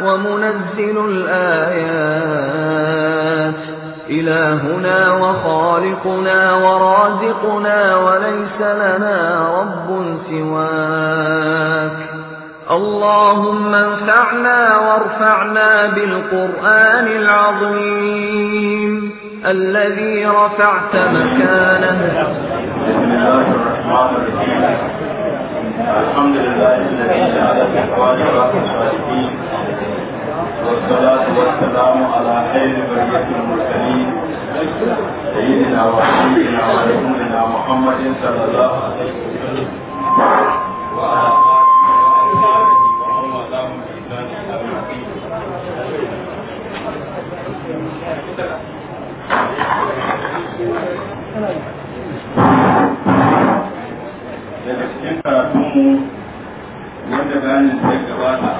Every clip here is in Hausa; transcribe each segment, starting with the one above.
ومنزل الآيات إلهنا وخالقنا ورازقنا وليس لنا رب سواك اللهم انفعنا وارفعنا بالقرآن العظيم الذي رفعت مكانه الحمد لله الذي جعل في احوال والصلاة والسلام على خير بقية المرسلين سيدنا وحبيبنا ورسولنا محمد صلى الله عليه وسلم وعلى daga cikin karatunmu wanda bayanin sai gabata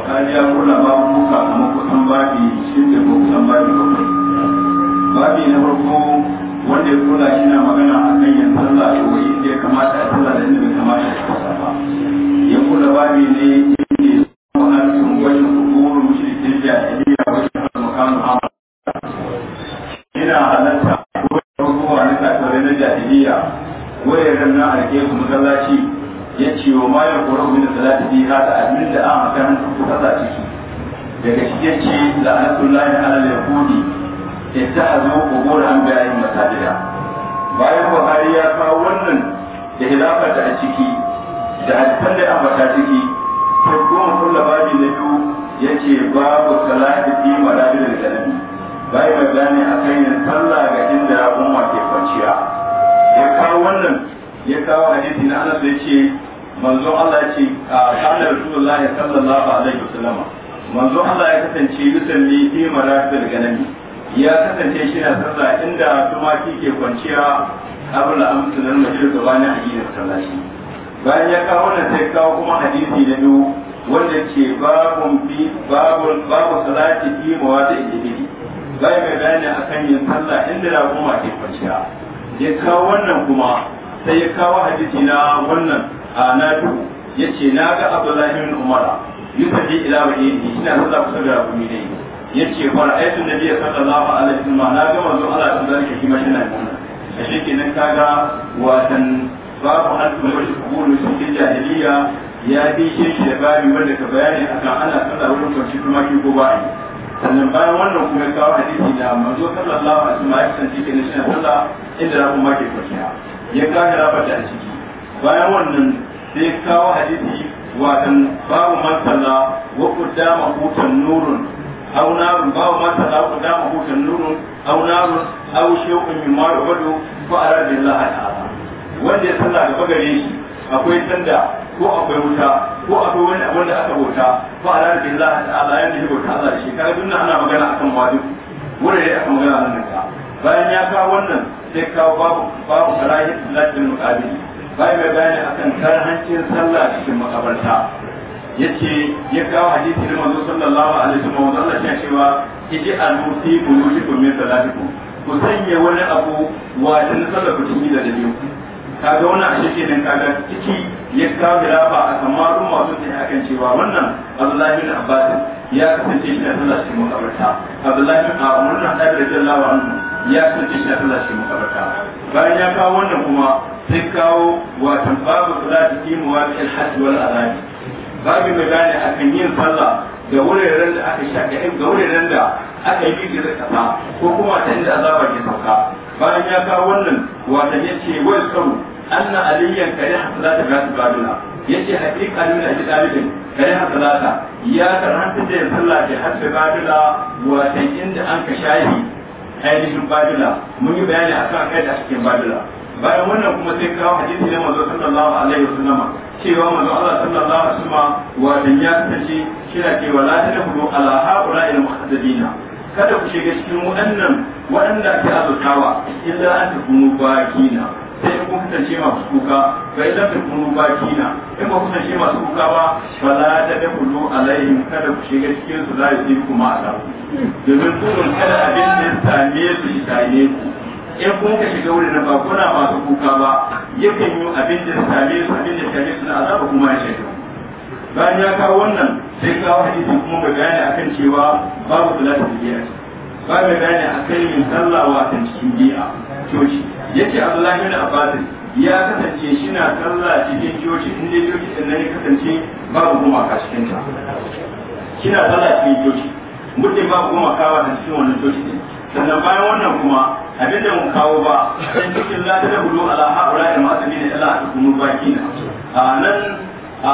kaji ya kula ba muka kuma kusan babi da ko kusan babi bakwai babi na farko wanda ya kula shi na magana a kan yin sallah da inda ya kamata a sallah da inda bai kamata ya kusa ba ya kula babi ne inda ma'arfin na kakarai na jahiliya ya ce wa mayar kwaro kora min salati bi ha ta abin da an karanta ko kaza ciki daga shi yace ce la'anatullahi ala al-yahudi ittakhadhu qubur anbiya'ihim masajida bayan bukhari ya kawo wannan da hilafa ta a ciki da hadisan da ambata ciki to kuma kullababi na biyu ya yace babu salati fi madadil kalbi bai magana akan yin sallah ga inda umma ke kwanciya ya kawo wannan ya kawo hadisi na Anas ce, manzo Allah ce, yace ah, kana Rasulullahi sallallahu alaihi wasallam manzo Allah ya kasance yusalli fi marafil ganami ya kasance shi na sallah inda tumaki ke kwanciya abul amsunan majlis gabanin hadisi sallashi bayan ya kawo wannan sai kawo kuma hadisi na biyu wanda ke babun bi babun babu salati fi mawadi ibidi bai mai bayani akan yin sallah inda da kuma ke kwanciya ya kawo wannan kuma sai ya kawo hadisi na wannan a nadu ya ce na ga abdullahi bin umara yusafi ila bayyini ina sallah kusa ga rukuni ne ya ce fara ayatun nabi sallallahu alaihi ma na ga manzo Allah sun zalika kima shi na nuna a shi kenan kaga watan babu an kuma shi kubulu cikin jahiliya ya bi shi shi da babu wanda ka bayani akan ana sallah wurin kwanci kuma shi ko ba sannan bayan wannan kuma ya kawo hadisi da manzo sallallahu alaihi wasallam ya kasance kenan shi na sallah inda ra kuma ke kwanciya ya gane rabata a ciki bayan wannan sai kawo hadisi watan babu masala wa kudama hutan nurun aw narun babu masala wa kudama hutan nurun aw narun aw shay'un min ma ko fa arada Allah ta'ala wanda ya sallah da gare shi akwai sanda ko akwai wuta ko akwai wani abu da aka bauta fa laha Allah ta'ala yadda ya bauta Allah shi kaga dunna ana magana akan wajibi wurin ya magana nan ka bayan ya kawo wannan sai kawo babu babu malayin salatin muqabili bai mai bayani akan karhancin sallah cikin makabarta yace ya kawo hadisi da manzo sallallahu alaihi wa sallam Allah ya cewa iji alu fi bulujikum min salatikum ku sanya wani abu wajen sallah ku cikin da biyu kaga wannan a shi nan kaga ciki ya kawo bilafa a kamarun masu tsaye akan cewa wannan Abdullahi bin Abbas ya kasance shi da sallah cikin makabarta Abdullahi bin Umar bin Khattab radiyallahu anhu ya soke shi a shi makabarta bayan ya kawo wannan kuma sai kawo watan babu salati fi muwafiqil hajj wal adani babu mai bayani akan yin sallah da wuraren da aka shaka in ga wuraren da aka yi girgiza kasa ko kuma ta inda azaba ke sauka bayan ya kawo wannan watan yace wal sabu anna aliyan kare hasalata ga tibadula yace hakika ne da ji dalibin kare hasalata ya karanta da sallah ke hasalata watan inda an ka shayi ainihin badula mun yi bayani a kan kai da cikin badula bayan wannan kuma sai kawo hadisi na manzo sallallahu alaihi wasallam cewa manzo Allah sallallahu alaihi wasallam wa dan ya tace kira ke wala ta hudu ala haula al muhaddadina kada ku shiga cikin waɗannan waɗanda ake azurtawa illa an takunu bakina sai in kun kasance masu kuka bai da kunu baki na in ba kasance masu kuka ba fala da da a alaihim kada ku shiga cikin su za su yi kuma a domin kunun kada abin da ya same su shi same ku in kun ka shiga wurin ba kuna masu kuka ba yakan yi abin da ya same su abin da ya same su na azaba kuma ya shiga bayan ya kawo wannan sai kawo hadisi kuma bai bayani akan cewa babu da biyar ba bayani a kan yin sallah wata cikin bi'a coci yace abdullahi da abbas ya kasance shi na sallah cikin coci in dai coci din nan ya kasance babu gumaka cikin ta na sallah cikin coci muddin babu gumaka wata cikin wannan coci din sannan bayan wannan kuma abinda mun kawo ba sai cikin la da hulu ala haula da mu'minina illa al na. a nan a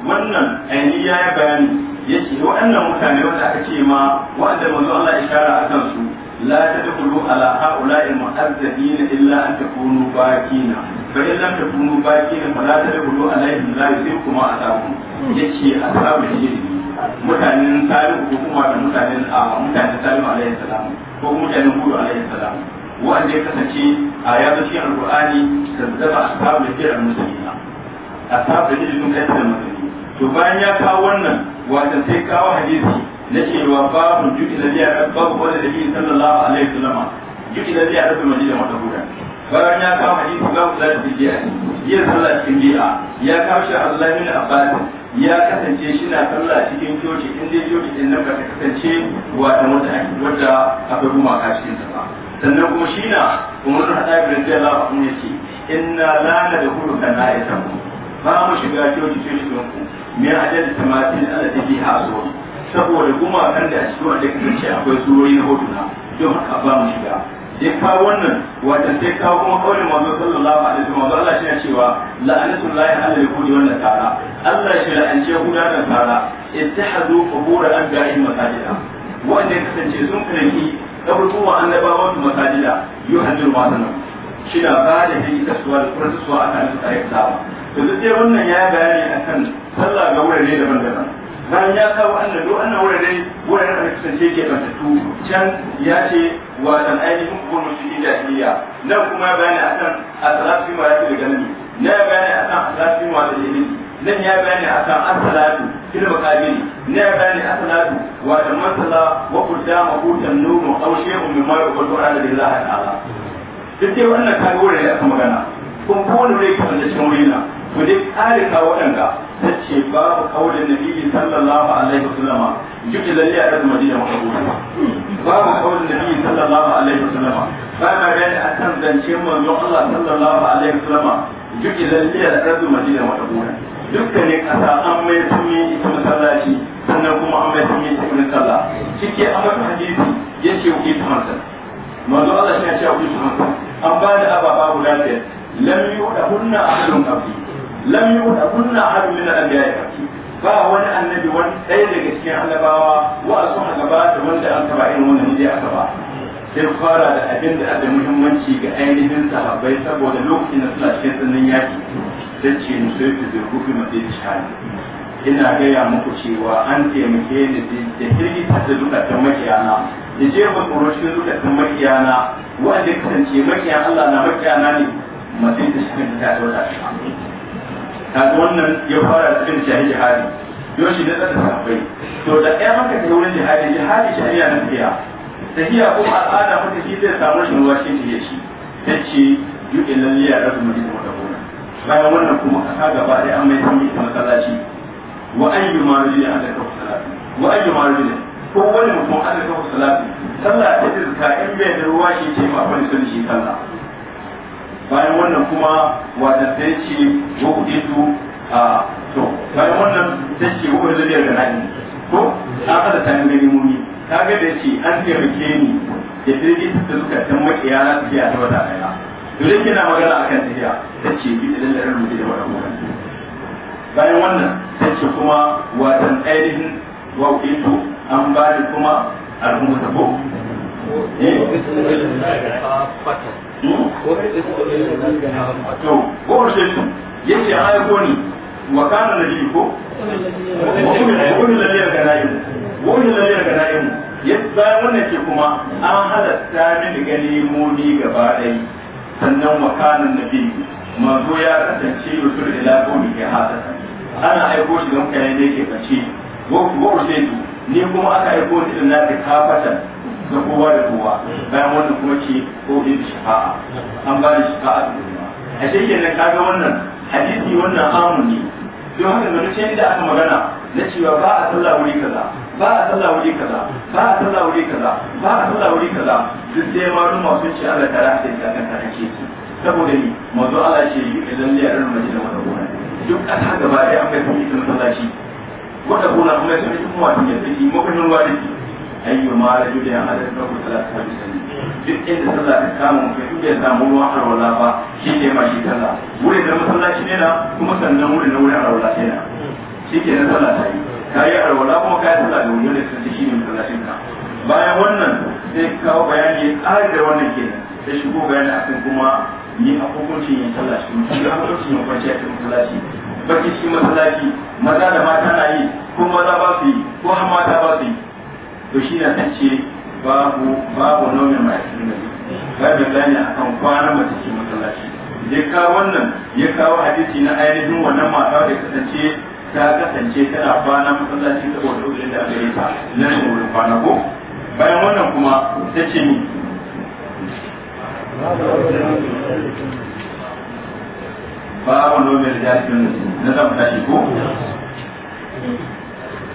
wannan ainihi ya yi bayani yace waɗannan mutane wanda aka ce ma wanda manzo Allah ya shara akan su la tadkhulu ala haula'i mu'azzabina illa an takunu bakina fa in lam takunu bakina fala tadkhulu alaihim la yusikum azabu yace azabu shi mutanen salihu ko kuma da mutanen a mutanen salihu alaihi salam ko mutanen gudu alaihi salam wanda ya kasance a yazo shi alqur'ani kazzaba ashabul jil al-muslimina ashabul jil sun kai da musulmi to bayan ya kawo wannan wanda sai kawo hadisi na cewa babu juki da zai arab babu wanda da yin sallallahu alaihi wasallam juki da zai maji da mata guda bayan ya kawo hadisi babu da zai biya yin sallah cikin biya ya kawo shi Allah ne abbas ya kasance shi na sallah cikin coci in dai coci din nan ba ta kasance wata wata aka akwai gumaka cikin ta ba sannan kuma shi na umar hada ibn Allah ya ce inna la nadkhulu kana ayatan ba mu shiga coci coci don ku min adad tamatin ala da biha asuri saboda kuma kan da a cikin wanda kake ce akwai surori na hotuna don haka ba mu shiga ya kawo wannan wata sai kawo kuma kawai manzo sallallahu alaihi wasallam manzo Allah shi cewa la'anatul lahi ala yahudi wannan tara Allah shi la'ance yahuda da tara ittihadu qubur anbiya'ihim masajida wanda ya kasance sun kanki kaburbuwa annabawan su masajida yuhaddiru ma sanan shi da ba da hikka suwa da kurtusuwa akan su ayyuka to duk dai wannan ya bayani kan sallah ga wurare daban-daban bayan ya kawo annan duk annan wurare wurare da kasance ke bantattu can ya ce watan ainihin kuma musulmi jahiliya nan kuma bayani akan asalafi ma ya fi da gani na ya bayani akan asalafi ma da jahiliya nan ya bayani akan as asalatu fil maqabir nan ya bayani as-salatu wa da masala wa qudama hutan numu aw shay'un mimma yuqadu ala lillahi ta'ala duk dai wannan kaga wurin a aka magana kun kowane wuri kan da cikin wurin wurina ku dai kare waɗanda ta ce babu kaulin nabi sallallahu alaihi wa sallama yuki lalle a ɗan madina makabula babu kaulin nabi sallallahu alaihi wa sallama ba ka gani a kan zance zo Allah sallallahu alaihi wa sallama yuki lalle a ɗan madina makabula dukkanin ƙasa an mai sumi ita masallaci sannan kuma an mai sumi ita wani sallah cike an mai hadisi ya ce wuki ta ma zo Allah shi ya ce ku ta hansa an ba da ababa guda biyar lam yuɗa hunna a lam yuda kunna ahad min al-anbiya'i ba wani annabi wani ɗaya daga cikin annabawa wa sun gaba da wanda an taba irin wannan ne aka ba sai fara da abin da da muhimmanci ga ainihin sahabbai saboda lokacin da suna cikin tsananin yaki sai ce ni sai ku da kufi mace shani ina gaya muku cewa an taimake ni da hirgita da zukatan makiyana da ba tsoro cikin zukatan makiyana wanda kasance makiyan Allah na makiyana ne mace ta shi ta wata shi kaga wannan ya fara cikin shahi jihadi yau shi da ta sahabbai to da ɗaya maka ta wurin jihadi jihadi shari'a na tafiya tafiya ko al'ada maka shi zai samu shi ruwa shi ya shi ta ce yi ilan liya da mu jikin da gona bayan wannan kuma kaga gaba ɗaya an mai sami da masallaci wa an yi an da aka kafa salatu wa an yi maruli ne. ko wani mutum da kafa salatu sallah ta zirka in bai da ruwa shi ce ma wani sun shi sallah bayan wannan kuma wata sai ce wa kuɗi su a to bayan wannan sai ce wa kuɗi da nani ko ta kada ta gani muni ta ga da ce an rike ni ya firgi ta suka tan yara su tafiya ta wata daya dole dai kina magana akan tafiya ta ce bi da lalar mu da wata bayan wannan sai ce kuma watan ainihin wa kuɗi su an ba da kuma al'umma ko eh to gorshin yake aiko ni wa kana nabi ko wani laliyar ganayin wani laliyar ganayin yadda wannan ke kuma an halatta da gani muni gaba ɗai sannan wa kana nabi manzo ya kasance rusul ila qawmi ke hadasa ana aiko shi don kai ne ke bace wa gorshin ni kuma aka aiko ni na ta kafatan da kowa da kowa bayan wannan kuma ce ko bi shafa'a an ba da shafa'a da kuma a shekin nan kaga wannan hadisi wannan amun ne don haka da nace inda aka magana na cewa ba a sallah wuri kaza ba a sallah wuri kaza ba a sallah wuri kaza ba a sallah wuri kaza duk sai maluma masu ce Allah ta rahata da kanta ta ce saboda ni manzo Allah ce idan ya rana mace da wata gona duk ƙasa gaba ɗaya an kai sun yi sun sallaci wata gona kuma sun yi kuma wata ya sai mu kan ruwa da shi ayyu ma rajul ya hadar da kuma salatu ta bisani duk inda sallah ta kama mutum duk da samu ruwan harwala ba shi ne ma shi sallah wurin da masallaci ne na kuma sannan wurin na wurin harwala ne na shi ke na sallah ta yi ka yi harwala kuma ka yi sallah da wurin da sun shi ne masallacin ka bayan wannan sai kawo bayani tsari da wannan kenan sai shigo bayani akan kuma ni a hukuncin yin sallah shi mutum da hukuncin yin kwanciya cikin masallaci baki cikin masallaci maza da mata na yi ko maza ba su yi ko har mata ba su yi to shi na ce babu babu nomin ma'aikin da nabi gani a kan kwana mace cikin masallaci ya kawo wannan ya kawo hadisi na ainihin wannan mata da kasance ta kasance tana kwana masallaci saboda ujirin da gare ta nan wurin kwana ko bayan wannan kuma ta ce ni babu nomin da fi nuna na zama tashi ko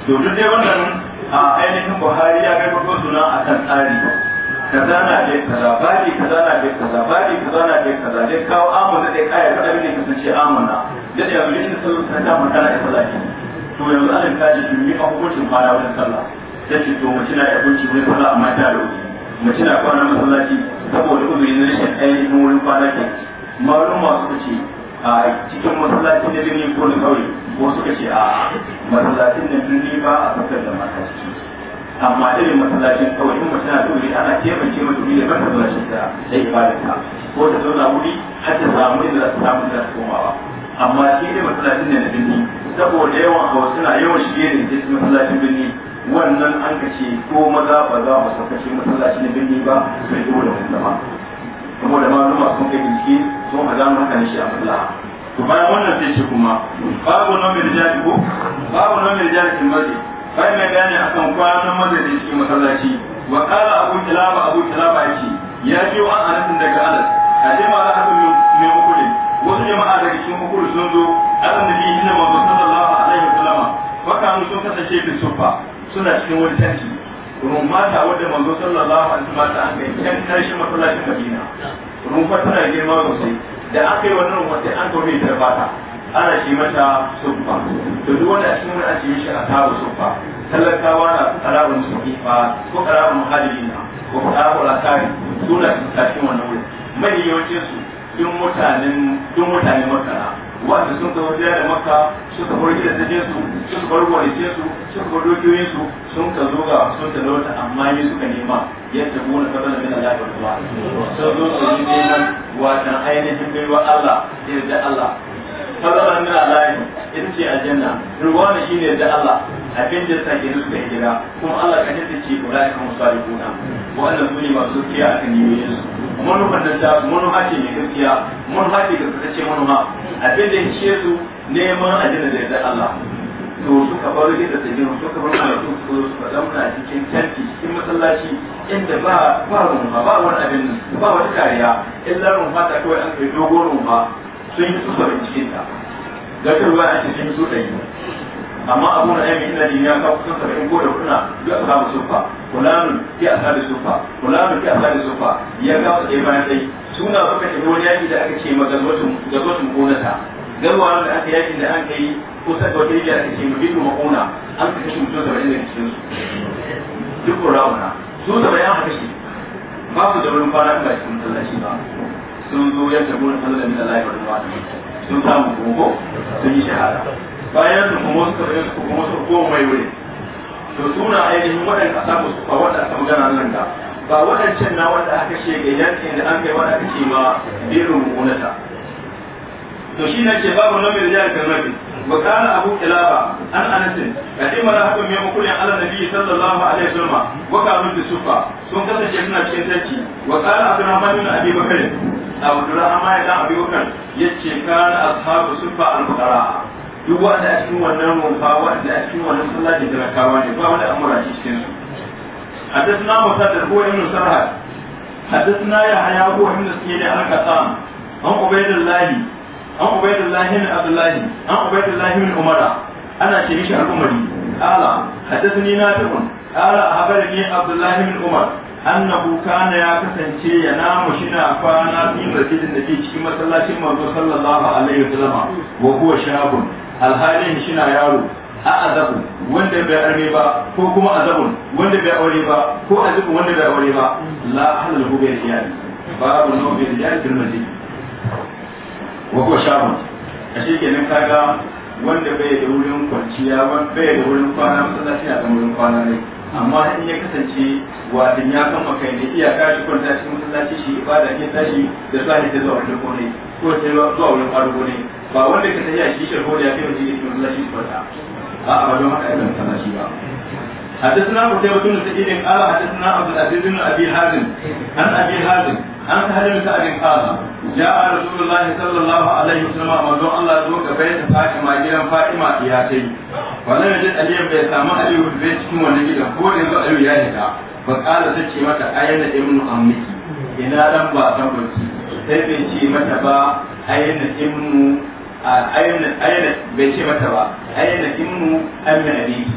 to duk dai wannan a ainihin buhari ya ga ko suna a kan tsari kaza na da kaza bari kaza na da kaza bari kaza na da kaza dai kawo amana dai kai kada ne kasance amana da ya yabin da sun ta ta mata da kaza ki to yanzu an ka ji shi ne a hukuncin fara wajen sallah sai shi to mace na hukunci wani sallah amma ta da Mace na kwana masallaci saboda uzuri na rashin ainihin wurin kwana ke malum masu kuce a cikin masallaci na birni ko na kauye ko suka ce a masallacin na birni ba a fitar da mata ciki amma irin masallacin kauye in mace na da ana taimake mata wuri da barka zuwa ta da ibadarta ko ta zauna wuri har ta samu inda za ta samu da komawa amma shi ne masallacin na birni saboda yawan hawa suna yawan shige da ke masallacin birni wannan an kace ko maza ba za mu sauka shi masallacin birni ba sai dole mu zama kuma da maluma sun kai bincike sun haɗa mun kan shi a maslaha to bayan wannan sai ce kuma babu nan mai rijali ko babu nan mai rijali kin bari bai mai gane akan kwanan mace da cikin masallaci wa qala abu kilaba abu kilaba yake ya wa an anasin daga alas, a jama'a hadu mai hukuri wasu jama'a daga cikin hukuri sun zo asan da bihi na manzo sallallahu alaihi sallama wa kanu sun kasance fi sufa suna cikin wani tanti. domin mata wadda manzo sallallahu alaihi sallam ta kai can karshen masallacin Madina rumfa tana girma sosai da aka yi wannan rumfa sai an tobe ta bata ana shi mata sufa to duk wanda a cikin wani a ce mishi asabu sufa talakawa na karabun sufa ko karabun muhajirina ko karabun akari suna cikin wannan wuri mai yawancin su duk mutanen duk mutanen makara wanda sun kawo jiya da maka suka bar gidan da su suka bar gwalice su suka bar dokiyoyin su sun ka zo ga sun ta lauta amma ni suka nema yadda mu na fadana min Allah ya rubuta sun zo su yi neman watan ainihin baiwa Allah da Allah fadana min Allah ya ce aljanna ne, shine da Allah abin da san gidan suka gida, kuma Allah ka jinta ce ulai kan musalikuna wannan sune masu kiyaye akan niyoyin su manufan da ta mun ce mai gaskiya manufa ce ga kace manufa abin da yake su neman ajina da yadda Allah to suka bar gidan da gidan suka bar mana su su suka zauna cikin tanti cikin masallaci inda ba ba rumfa ba wani abin ba wani kariya illa mun ta kawai an kai dogon rumfa sun yi su sabin cikin ta ga ruwa a cikin su ɗaya amma abu na yin illa ne ya kawo sun saba'in ko da kuna duk a samu sufa fulanun ke a sabi sufa fulanun ke a sabi sufa ya kawo tsaye bayan dai suna baka tafi wani yaki da aka ce ma gazotun gonata garwa da aka yakin da aka yi kusa da wata yaki aka ce ma bidu ma'una an ka kashe mutum saba'in da cikin su duk kurawuna su ya haka shi ba su da wani kwana an cikin tallashi ba sun zo ya tabbata sanar da min Allah ya sun samu gogo sun yi shahara. bayan da kuma wasu karfin su kuma wasu goma yi wuri to suna ainihin waɗanda a samu su ba waɗanda magana nan da ba waɗancan na wanda aka ce ga yanki da an kai waɗanda ake ma birin rumunata to shi na ke babu nan mai riyar karnabi ba kana abu kilaba an anasin ga dai mara hakan mai makulin ala nabi sallallahu alaihi wasallam wa ka mutu sufa sun ce suna cikin sarki wa kana abu na mani na abi bakari abu durrahman ya dan abi bakari yace kana ashabu sufa al-bukara duk wanda a cikin wannan rumfa wanda a cikin wannan sallah da talakawa ne ba wani amura cikin su حدثنا مسدد هو ابن سرهد حدثنا يحيى هو ابن سعيد عن كسام عن عبيد الله عن عبيد الله بن An الله عن عبيد الله بن عمر انا شريك الامري قال حدثني نافع قال اخبرني عبد الله annahu kana ya kasance ya namu shina kwana fi masjidin da ke cikin masallacin manzo sallallahu alaihi wasallam wa huwa shabun alhalin shi na yaro a azabun wanda bai arme ba ko kuma azabun wanda bai aure ba ko azabun wanda bai aure ba la halal hu bai iyali babu no bai iyali fil masjid wa ko shabun ashe kenan kaga wanda bai da wurin kwanciya bai da wurin kwana masallaci a wurin kwana ne amma in ya kasance wadin ya kama kai ne iya kashi kwanta cikin masallaci shi ibada ne tashi da sahi ta zuwa wurin kone ko sai zuwa wurin ƙarugo ne ba wanda ka tafiya shi shirko da ya kai wajen yake masallaci su ba a wajen haka irin masallaci ba حدثنا قتيبة بن سعيد قال حدثنا عبد العزيز بن ابي حازم عن ابي حازم عن سهل بن سعد قال جاء رسول الله صلى الله عليه وسلم موضوع الله زوج بيت فاطمه جيران فاطمه ياتي ولم يجد علي بن سامع علي بن سكين ونجد هو يزو علي يا هدا فقال تشي متى اين ابن عمك ان لم ba san sai bai ce mata ba ayyana ayyana bai ce mata ba ayyana ibnu ammi abihi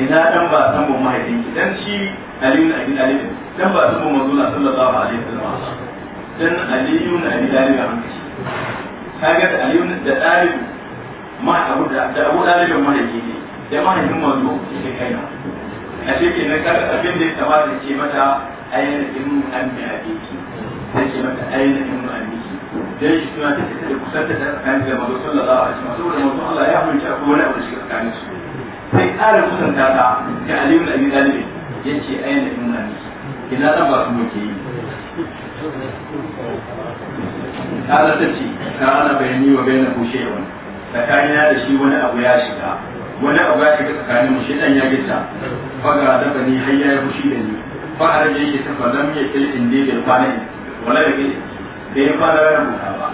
ina dan ba san mun mahaifinki dan shi aliyu abi talib dan ba san mun manzo sallallahu alaihi wasallam dan aliyu abi talib an kashi kaga da aliyu da talib ma abu da abu talib mahaifi ne da mahaifin manzo shi kai na a shi ke nan kaga abin da ya kamata ce mata ayyana ibnu ammi abihi sai ce mata ayyana ibnu ammi da yake suna ta da kusanta da tsakanin da manzo sallallahu alaihi wasallam saboda manzo Allah ya hulci a kowane abu da shi tsakanin su sai ƙara kusanta ta ga Ali ibn Abi Talib yace ayyana inna ni ina raba su muke yi kala ta ce ka ana bayani wa bayan ku shewan tsakanina da shi wani abu ya shiga wani abu ya shiga tsakanin mu shedan ya ni wala da ya fara ranar ba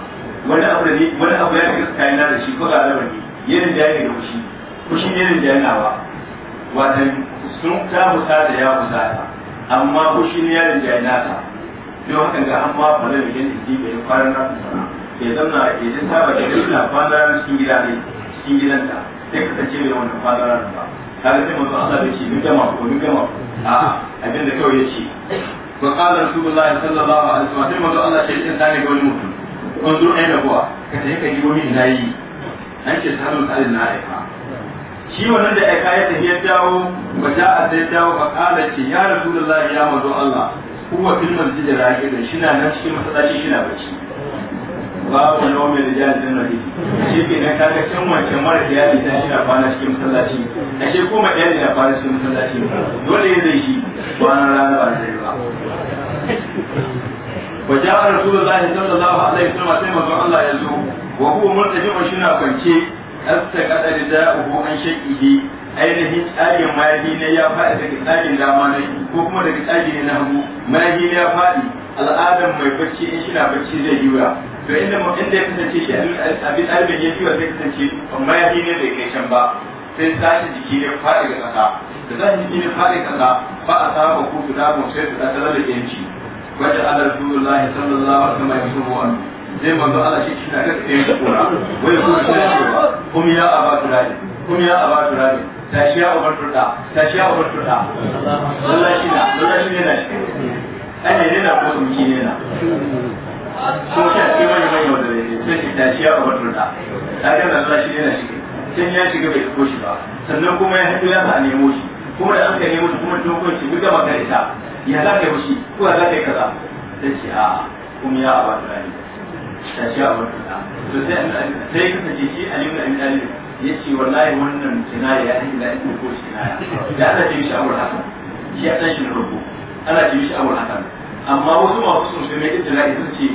wani abu da ne wani abu ya shiga tsakanin da shi ko da alamar ne yanin da kushi kushi yanin da ba watan sun ta musa da ya musa ta amma kushi ne da yanata don haka ga amma ba zai yin da ya fara ranar mutawa ya zanna ya ji saba da ya na fara ranar cikin gida ne cikin gidanta sai kasance mai wannan fara ranar ba tare da mutum Allah ce ko a'a abinda kawai ya ce wa qala rasulullahi sallallahu alaihi wasallam sai manzo Allah shi in tare ga wani mutum wanzu ai da kuwa ka tafi ka gibo min nayi an ce sahabin alin na aika shi wannan da aika ya tafi ya dawo wa ja'a sai dawo fa qala ce ya rasulullahi ya manzo Allah huwa fil masjid shi na nan cikin masallaci shi na babu wani da jihar janari shi ke nan kaga can wancan mara iyali ta shi na kwana cikin masallaci a shi kuma iyali na kwana cikin masallaci dole ya zai shi kwanan rana ba zai ba ya zo. الله صلى الله عليه وسلم سيما kwance. يزور وهو مرتجع شنا كنشي أستقد an عن شيئه ainihin tsarin mahaifi ne ya faɗi daga tsarin dama ne ko kuma daga tsari ne na hagu mahaifi ne ya faɗi al'adar mai bacci in shi na bacci zai yi to inda inda ya kasance shi abin albin ya ciwo zai kasance amma ya ne bai kai can ba sai tashi jiki ne faɗi ga ƙasa da tashi jiki ne faɗi ƙasa ba a samu ku guda mu sai da ta da yanci wanda Allah Rasulullahi sallallahu alaihi wasallam ya so wani zai manzo Allah shi shi na ga kai da kora wai ku shi ba kuma ya aba turani kuma ya aba turani tashi ya ubar turda tashi ya ubar turda Allah shi na Allah shi ne na ana yana ko mutum ne na shi a cikin manya manya wanda zai ta shi tashi ya rawar turda ta ga da Allah shi na shi can ya shiga bai ko shi ba sannan kuma ya haɗu ya sa a nemo shi kuma da an ka nemo shi kuma dokokin shi duka da makarita ya za ka yi shi ko ya za ka yi kaza sai ce a'a kuma ya abu da ne ta shi abu da to sai sai ka ce shi Ali ibn Abi Talib yace wallahi wannan kinaya ya yi da ido ko kinaya da Allah ya yi shi abu hakan shi ya tashi na rubu Allah ya yi shi abu hakan amma wasu masu sun sai mai ittila sun ce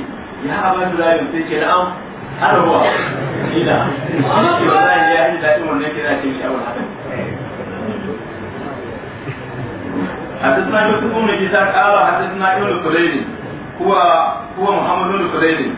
ya haɓar da rayu sai ke na'am har ruwa ila shi ke wani ya yi daɗin wannan kira ce shi abin hadis na yau tukun mai gisa ƙara hadis na yau da kureli kuwa kuwa muhammadu da kureli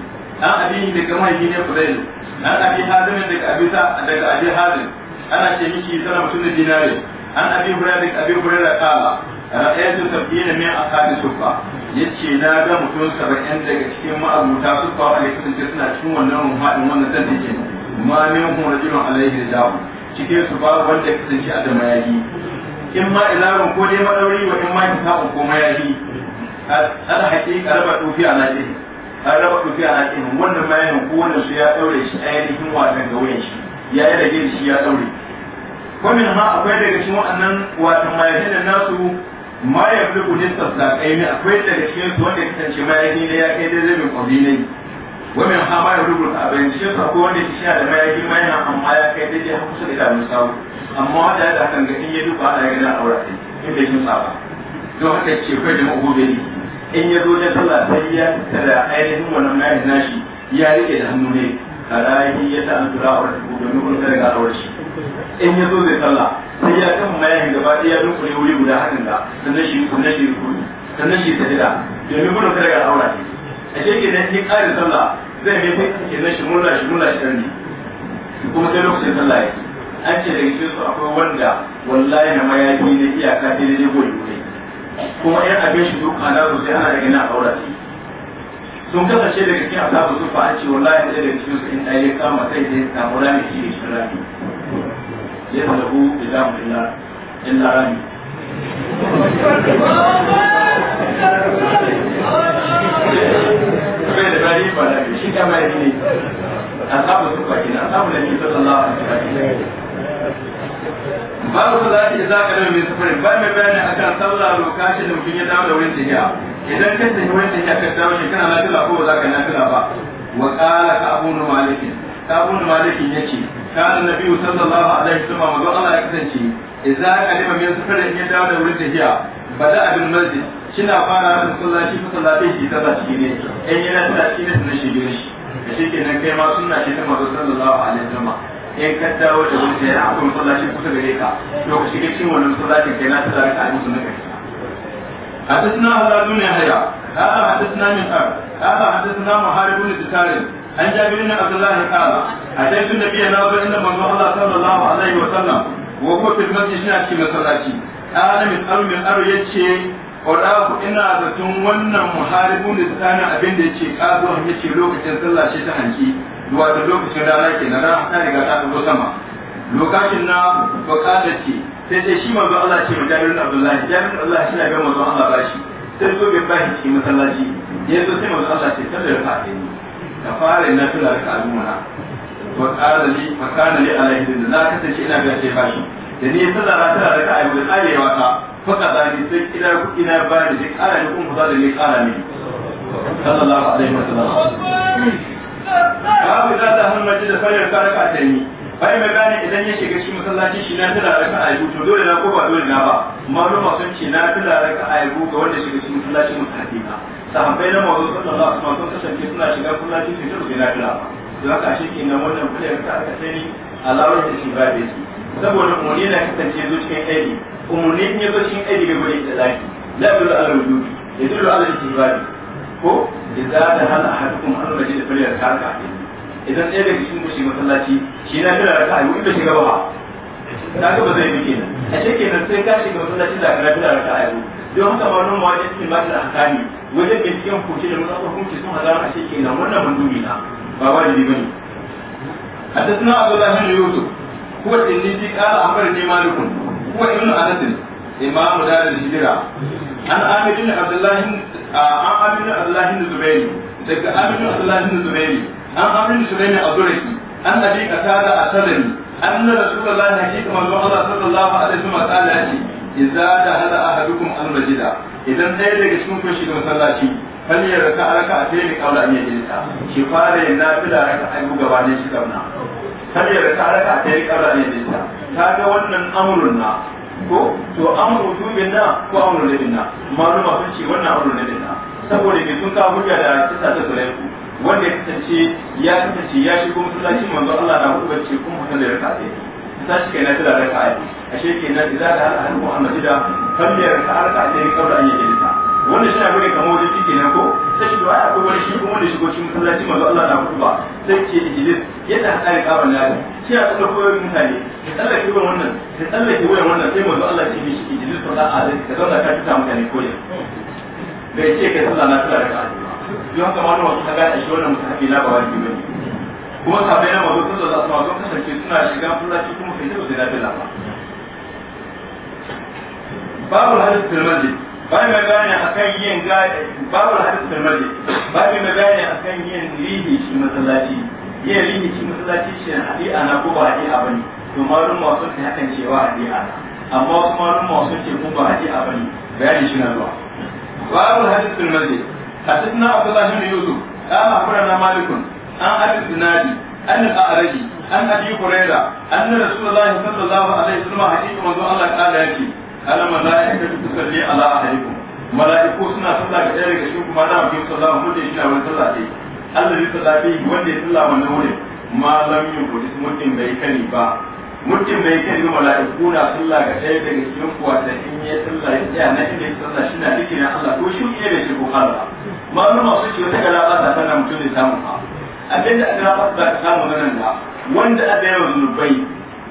an abin yi daga mahaifi ne kureli abin hadin daga daga abin hadin ana ce miki sana mutum da dinare an abin hura daga abin hura da ƙara ra'ayatu sabbi ne mai akadi sufa yace na ga mutum saba'in daga cikin ma'abuta su a alaihi kasance suna cikin wannan rumfaɗin wannan zan da ke ma min hum rajulun alaihi rijabu cikin su ba wanda ya kasance a da mayafi in ma ilarun ko dai maɗauri wa in ma kitabun ko mayafi haƙi a raba dufi a najihi a raba dufi a najihi wannan mayafi ko wannan su ya daure shi a yayin wasan ga wuyan shi ya yi rage shi ya daure ko min ha akwai daga cikin wannan wasan mayafi da nasu ma ya fi gudun tafsakai ne akwai daga cikin su wanda ya kasance mayaki ne ya kai daidai min kwabi ne wamin ha ma ya fi gudun abin su akwai wanda ya shi da mayaki ma yana amma ya kai daidai har kusa da idanun amma wanda ya da hakan ga in ya duba ana ya gina aura in inda shi saba don haka ce kai jama'u gobe in ya zo da sallah sai ya tara ainihin wannan mayakin nashi ya rike da hannu ne karahi ya ta antura a wata ko domin kare daga aure shi in ya zo zai sallah sai ya kan mayahin gaba ɗaya ya dunkule wuri guda hakan da sannan shi sannan shi rukuni sannan shi sajida domin kun daga aure a ce ke nan yin ƙarin sallah zai mai fi ke nan shi murna shi murna shi ɗan kuma sai lokacin sallah ya an ce daga cikin su akwai wanda wallahi na mayafi ne iyaka dai daidai goyi ne kuma yan abin shi duka na sosai ana daga na aure sun kasance daga cikin azabu zufa an ce wallahi da daga cikin su in ɗaya ya kama kai da ya samu rami shi ne shi rami ya zabu da zamu illa illa rami bai da bari ba da shi kama ya ne azabu zufa kina azabu da ni sallallahu alaihi wasallam babu salati idza kana min safarin ba mai bayani akan sallah lokacin da mutum ya dawo da wurin tafiya idan ka tafi wanda ya ka dawo shi kana ko ba za ka nafila ba wa qala ka abu malik ka abu malik yace kana nabi sallallahu alaihi wasallam mazo Allah ya kasance idza kalima min safarin ya dawo da wurin tafiya bada abin mazi kina fara da sallaci ko sallaci shi ta baki ne in yana ta shi ne sunan shi gire shi da shi kenan kai ma sunna shi ta mazo sallallahu alaihi wasallam in ka dawo da wurin tafiya akwai sallaci kusa gare ka to ka shiga cikin wannan sallaci kai na ta zaka a musu na kai حدثنا هذا بن يحيى هذا حدثنا من قبل هذا حدثنا محارب بن بشار عن جابر بن عبد الله قال اتيت النبي ناظر ان من الله صلى الله عليه وسلم وهو في المسجد شنا في مسلاتي قال من ار من ار يتشي وراه ان zaton wannan محارب بن tsakanin abin da yake kazo an yace lokacin sallah ce ta hanki wato lokacin rana ke na rana ta riga ta zo sama lokacin na bakata sai ce shi manzo Allah ce mu jabirin Abdullahi jabirin Abdullahi shi na ga manzo Allah ba shi sai zo bai bashi cikin masallaci ya zo sai manzo Allah sai sallar ka ne ka fara na tula ka almuna wa qala li fa kana li alaihi da na kasance ina ga sai bashi da ni zara ta da ka ayi da ka fa ka da ni sai ina ku ina ba ni sai kara ni kun fada ni kara ni sallallahu alaihi wa wasallam babu da ta hammaci da fara ka ta ni. bai mai gane idan ya shiga cikin masallaci shi na tila raka a to dole na ko ba dole na ba ma sun ce na tila raka a yabu ga wanda shiga cikin masallacin mutane ba sahabbai na mawazo sallallahu alaihi wasallam sun kasance suna shiga masallaci su na tila ba to haka shi ke nan wannan kullum ta aka sani lawar da shi ba da shi saboda umarni na kasance zo cikin aiki umarni ne ya zo cikin aiki ga gwada itilaki la ala wujudi yadullu ala ko idza da ahadukum an idan ɗaya daga cikin kushi masallaci shi na kira raka'a yi ba shiga ba na ga ba zai bi kenan a ce kenan sai ka shiga masallaci da kira kira raka'a yi don haka ba nan mawaje cikin ba da hankali wajen binciken kushi da mutum hukunci sun hazara a shi na wannan mandubi na ba wajibi ba ne a ta suna a zaune da yoto kuwa ɗin ni ji ƙara a ne nema da kun na ɗin a nasin mu da da hijira an amir bin abdullahi an amir bin abdullahi da zubairi daga amir bin abdullahi zubairi an amin su ne a zuriki an nabi ka tada a asalin an na rasulullahi kika, manzo Allah sallallahu alaihi wasallam ta lafi idza da hada ahadukum al rajida idan ɗaya daga cikin ku shiga masallaci fal ya raka raka a tayi kaula an yi ta shi fara yin nafila raka ai gaba ne shi kauna fal ya raka raka a tayi kaula an yi ta ga wannan amrun na ko to amru tubin na ko amru labin na maluma sun ce wannan amru ne binna. saboda ke sun ka hujja da kisa ta sulaiku wanda ya kasance ya kasance ya shigo shi manzo Allah na hudu bace kuma hakan da raka ɗaya ta shi kenan tana raka a shi kenan idan da har hannu a masjida kalliyar raka raka ɗaya kabla an yi da wannan shi na gure kamar wajen shi kenan ko sai shi ai ko wani shi kuma ko shigo cikin shi manzo Allah na hudu ba sai ce ijlis yadda haka ya kawo na ga shi ya tsaka koyon mutane ka tsallake wuyan wannan ka tsallake wuyan wannan sai manzo Allah ya ce shi ijlis fa da'a zai ka zauna ka fita mutane koyon. bai ce kai sallah na sallah da ka'a don haka malama su taga a shi wannan musahabi na ba wajibi bane kuma sabai na mazo sun zaza asma sun kasance suna shiga masallaci kuma kai da zai lafiya ba babu hadith fil masjid bai mai bayani akan yin gadi babu hadith fil masjid bai mai bayani akan yin lihi shi masallaci yin lihi shi masallaci shi hadi'a na ko ba hadi'a bane to malum masu ta hakan cewa hadi'a amma wasu malum masu ce ko ba hadi'a bane bayani shi na zuwa باب الحديث في المسجد حدثنا عبد الله بن يوسف قال اخبرنا مالك عن ابي الزنادي ان الاعرجي عن ابي هريره ان رسول الله صلى الله عليه وسلم حديث منذ الله تعالى يكي الا ملائكه تصلي على احدكم mala'iku suna صلى الله عليه وسلم cikin kuma da mutum sallah mun da shi na wani صلى ce Allah zai sallah wanda ya sallah wannan wurin ma lam yun kudi mutum bai mutum bai kai ga mala'iku na sallah ga ɗaya daga cikin kuwa da in ya sallah ya tsaya na ilai sallah shi na dake na Allah ko shi ne da shi ko kala. Allah malama su ce wata galaba ta tana mutum da samun ba abin da ba ta samu nan da wanda aka yawan zunubai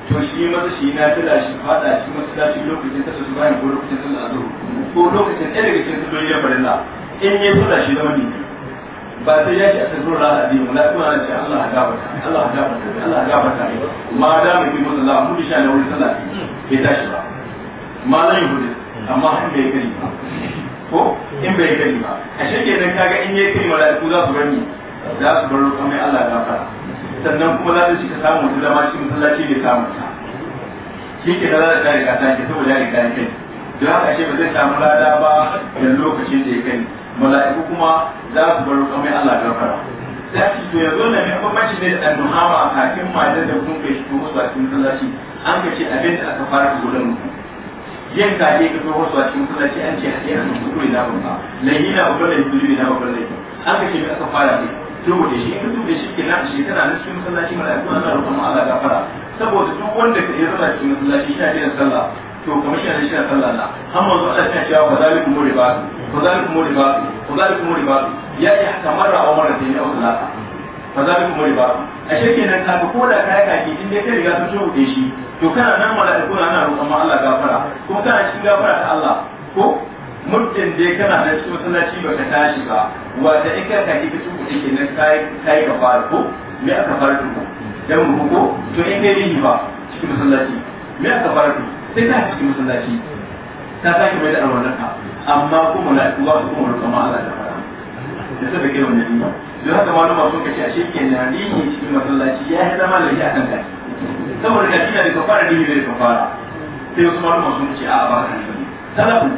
to shi masa shi na tada shi fada shi masallaci lokacin ta su bayan ko lokacin sallah zuwa ko lokacin ɗaya daga cikin yi ya farilla in ya sallah shi zama ne ba sai yaki a tattura da addini na kuma na ce Allah gafarta Allah gafarta Allah gafarta ne ma da mu yi mun Allah mu bisha ne wurin sallah ke tashi ba ma nan yi hudu amma in bai kari ba ko in bai kari ba a shirke dan kaga in yayi kari ku za su bar ni za su bar roƙon mai Allah gafarta sannan kuma za su ka samu da dama shi masallaci bai samu ta shi ke da za ta riga ta ke saboda ya riga ya kai don haka shi ba zai samu lada ba da lokacin da ya kai mala'iku kuma za su bar kamar Allah gafara za su to yanzu na mai bambanci ne da muhamma a kakin malar da kun kai shigo wasu a cikin sallaci an ka ce abin da aka fara zo da muku yin kaje ka zo wasu a cikin sallaci an ce hadiya an ku kuri na ba lahi na ba da kuri na ba da an ka ce me aka fara ne to da shi ka tuke shi kenan shi kana nan cikin sallaci mala'iku an da kamar Allah gafara saboda duk wanda ka yi sallah cikin sallaci shi ne sallah to kamar shi ne shi sallah na amma zo Allah ya ce wa zalikum riba ya رباط فذلكم رباط يا يحكى مرة أو أو ثلاثة ashe in dai riga sun shuɗe shi to kana nan mala'iku na roƙon ma Allah gafara cikin gafara ta Allah ko muddin dai kana nan cikin masallaci baka tashi ba wata in ka ka ki ka shuɗe nan kai ka fara ko me aka fara tuku dan mu ko to in dai ni ba cikin masallaci me aka fara tuku sai ka cikin masallaci ta sake mai da alwalanka amma kuma na tuwa su kuma wani Allah da fara da su da ke wani don haka wani masu kashi a shekke na rihi cikin masallaci ya yi zama da kan kai saboda da kina da ka fara da ka fara sai wasu wani masu kashi a ba kan kai talabu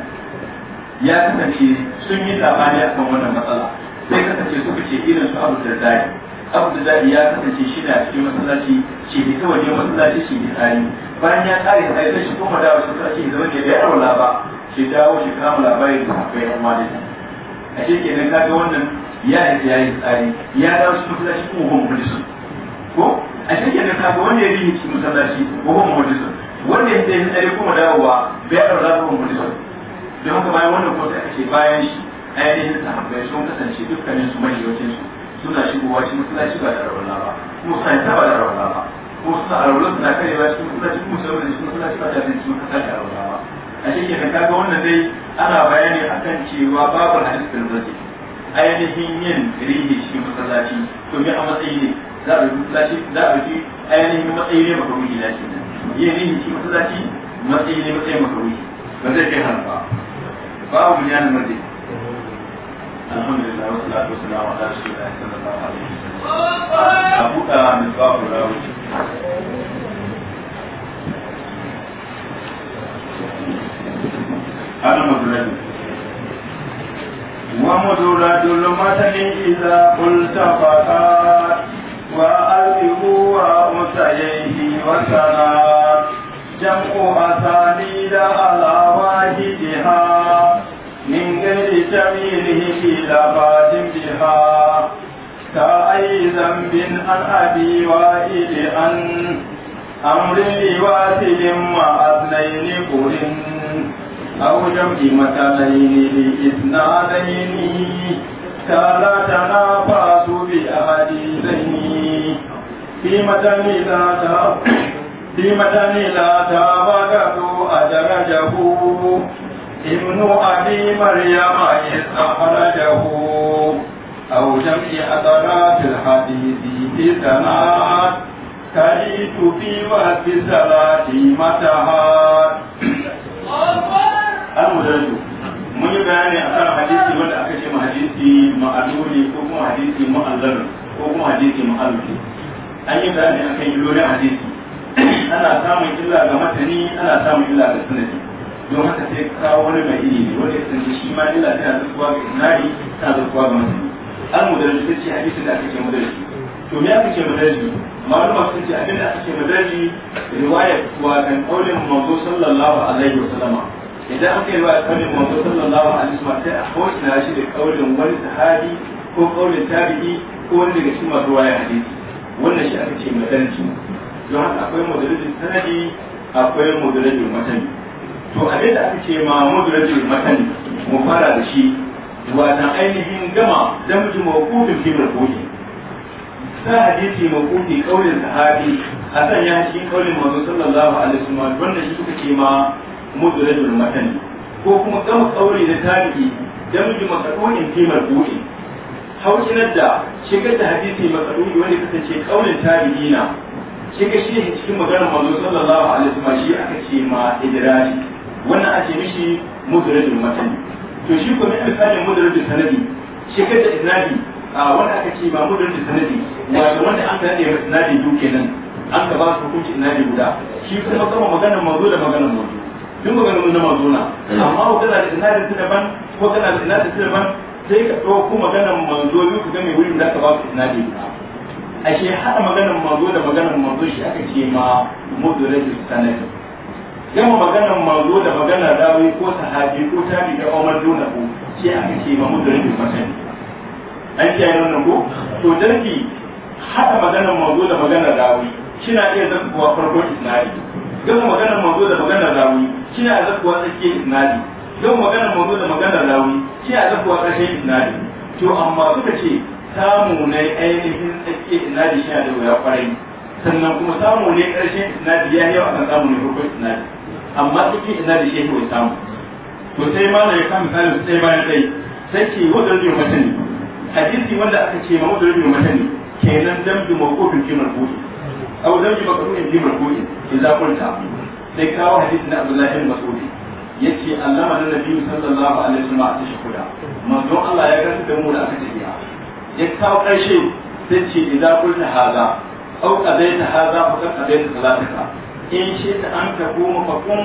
ya kasance sun yi labari a kan wannan matsala sai kasance suka ce irin su abu da dai abu da dai ya kasance shi da cikin masallaci shi ne ta waje masallaci shi ne tsari bayan ya kare tsari sai shi kuma da wasu sallaci zama da ya yi arwala ba shi dawo shi kama labarin da haka yan wani a shi kenan kaga wannan ya yi ya yi tsari ya dawo shi masallaci kuma ba muhlisun ko a shi kenan kaga wanda ya rihi cikin masallaci ko ba muhlisun wanda ya yi tsari kuma dawowa bai ɗaura za ba muhlisun don haka bayan wannan ko sai ake bayan shi a yi ainihin sahabbai sun kasance dukkanin su mahiyocin su suna shigowa cikin masallaci ba da rawalla ba kuma suna ta ba da rawalla ba kuma suna a rawalla suna karewa cikin masallaci kuma suna da cikin masallaci ba da cikin masallaci a shi ka kaga wannan dai ana bayani akan cewa babu hadisin zaje ainihin yin rihi masallaci to me a matsayi ne za a masallaci za a bi ainihin matsayi ne yin rihi masallaci matsayi ne matsayin makaruhi ba zai kai harfa babu munyanin marje alhamdulillah wasu lafiya wasu lafiya wasu lafiya wasu lafiya wasu lafiya wasu lafiya wasu lafiya ana mudurati wa mudurati lumatani idza qulta faqat wa albihu wa mutayyihi wa sanat jam'u da ala wahidiha min ghairi tamilihi ila badin biha كأي ذنب عن أبي وائل عن أمر لواسل مع اثنين قرن أو جمع مثلين إثنانين فلا تنافس بأحاديثين في متن لا في متن لا تابعت أدرجه ابن أبي مريم استخرجه أو جمع أطراف الحديث في سنات كريت في وقت صلاة متهات al-mudarriju mun yi bayani akan hadisi wanda aka ce hadisi ma'aduri ko kuma hadisi mu'azzar ko kuma hadisi mu'azzi an yi bayani akan illolin hadisi ana samun illa ga matani ana samun illa ga sanadi don haka sai kawo wani mai ilimi wanda ya tsanci shi ma illa tana zuwa ga inari tana zuwa ga matani al-mudarriju sai ce hadisi da aka ce mudarriju to me aka ce madarji malama sun ce abin da aka ce madarji riwayar wa kan kaulin manzo sallallahu alaihi wa sallama idan aka yi wa kaunin manzo sallallahu alaihi wasallam sai a kowace shi da kaulin wani sahabi ko kaulin tabi'i ko wani daga cikin masu waya hadisi wannan shi aka ce madarji don haka akwai madarjin sanadi akwai madarjin matani to abin da aka ce ma madarjin matani mu fara da shi wata ainihin gama da mutum mawqufin fi marfu'i sa hadisi mawqufi kaulin sahabi a sanya shi kaulin manzo sallallahu alaihi wa sallam wannan shi suka ce ma mudrejul matani ko kuma kan tsauri na tarihi damji makadunin fi marbu'i haukinar da shigar da hadisi makaduni wanda kasance kaulin tarihi na shiga shi ne cikin maganar manzo sallallahu alaihi wasallam shi aka ce ma idraji wannan ake mishi mudrejul matani to shi kuma mai alƙalin mudrejul sanadi shigar da idraji a wanda aka ce ma mudrejul sanadi wato wanda an kaɗe sanadi duke nan an ka ba su hukunci inadi guda shi kuma kama maganar manzo da maganar manzo duk maganganun na mazuna eh. amma ko kana da sinadin su daban ko kana da sinadin su daban sai ka ɗauko maganar manzo biyu ka ga mai wurin da ka ba su sinadi ashe haɗa maganar manzo da maganar manzo shi aka ce ma mudurai mudulatul sanadi gama maganar manzo da maganar dawi ko sahabi ko tabi da Umar dona ko shi aka ce ma mudulatul sanadi an ce ayi wannan ko to danki haɗa maganar manzo da maganar dawi shi na iya zama farko isnadi gama maganar manzo da maganar rawi shine azakuwa tsakiyar isnadi gama maganar manzo da maganar rawi shine azakuwa ƙarshen isnadi to amma suka ce samu ne ainihin tsakiyar isnadi shi da wuya kwarai sannan kuma samu ne ƙarshen isnadi ya yawa akan samu ne hukun isnadi amma tsakiyar isnadi shi kawai samu to sai ma ya kama misali su sai bayan kai sai ce wadda rubin a hadisi wanda aka ce ma wadda rubin matani kenan damdu mawqufin kimar marfu'i أو زوج مكروه في مركوه إذا قلت سيكاو حديثنا عبد الله بن مسعود yace allama da nabi sallallahu alaihi wasallam a tashi kuda manzon Allah ya gani da mu da aka tafiya ya kawo karshe sai ce idan kulta haza au qadaita haza fa qad qadaita salataka in shi ta an takuma fa kum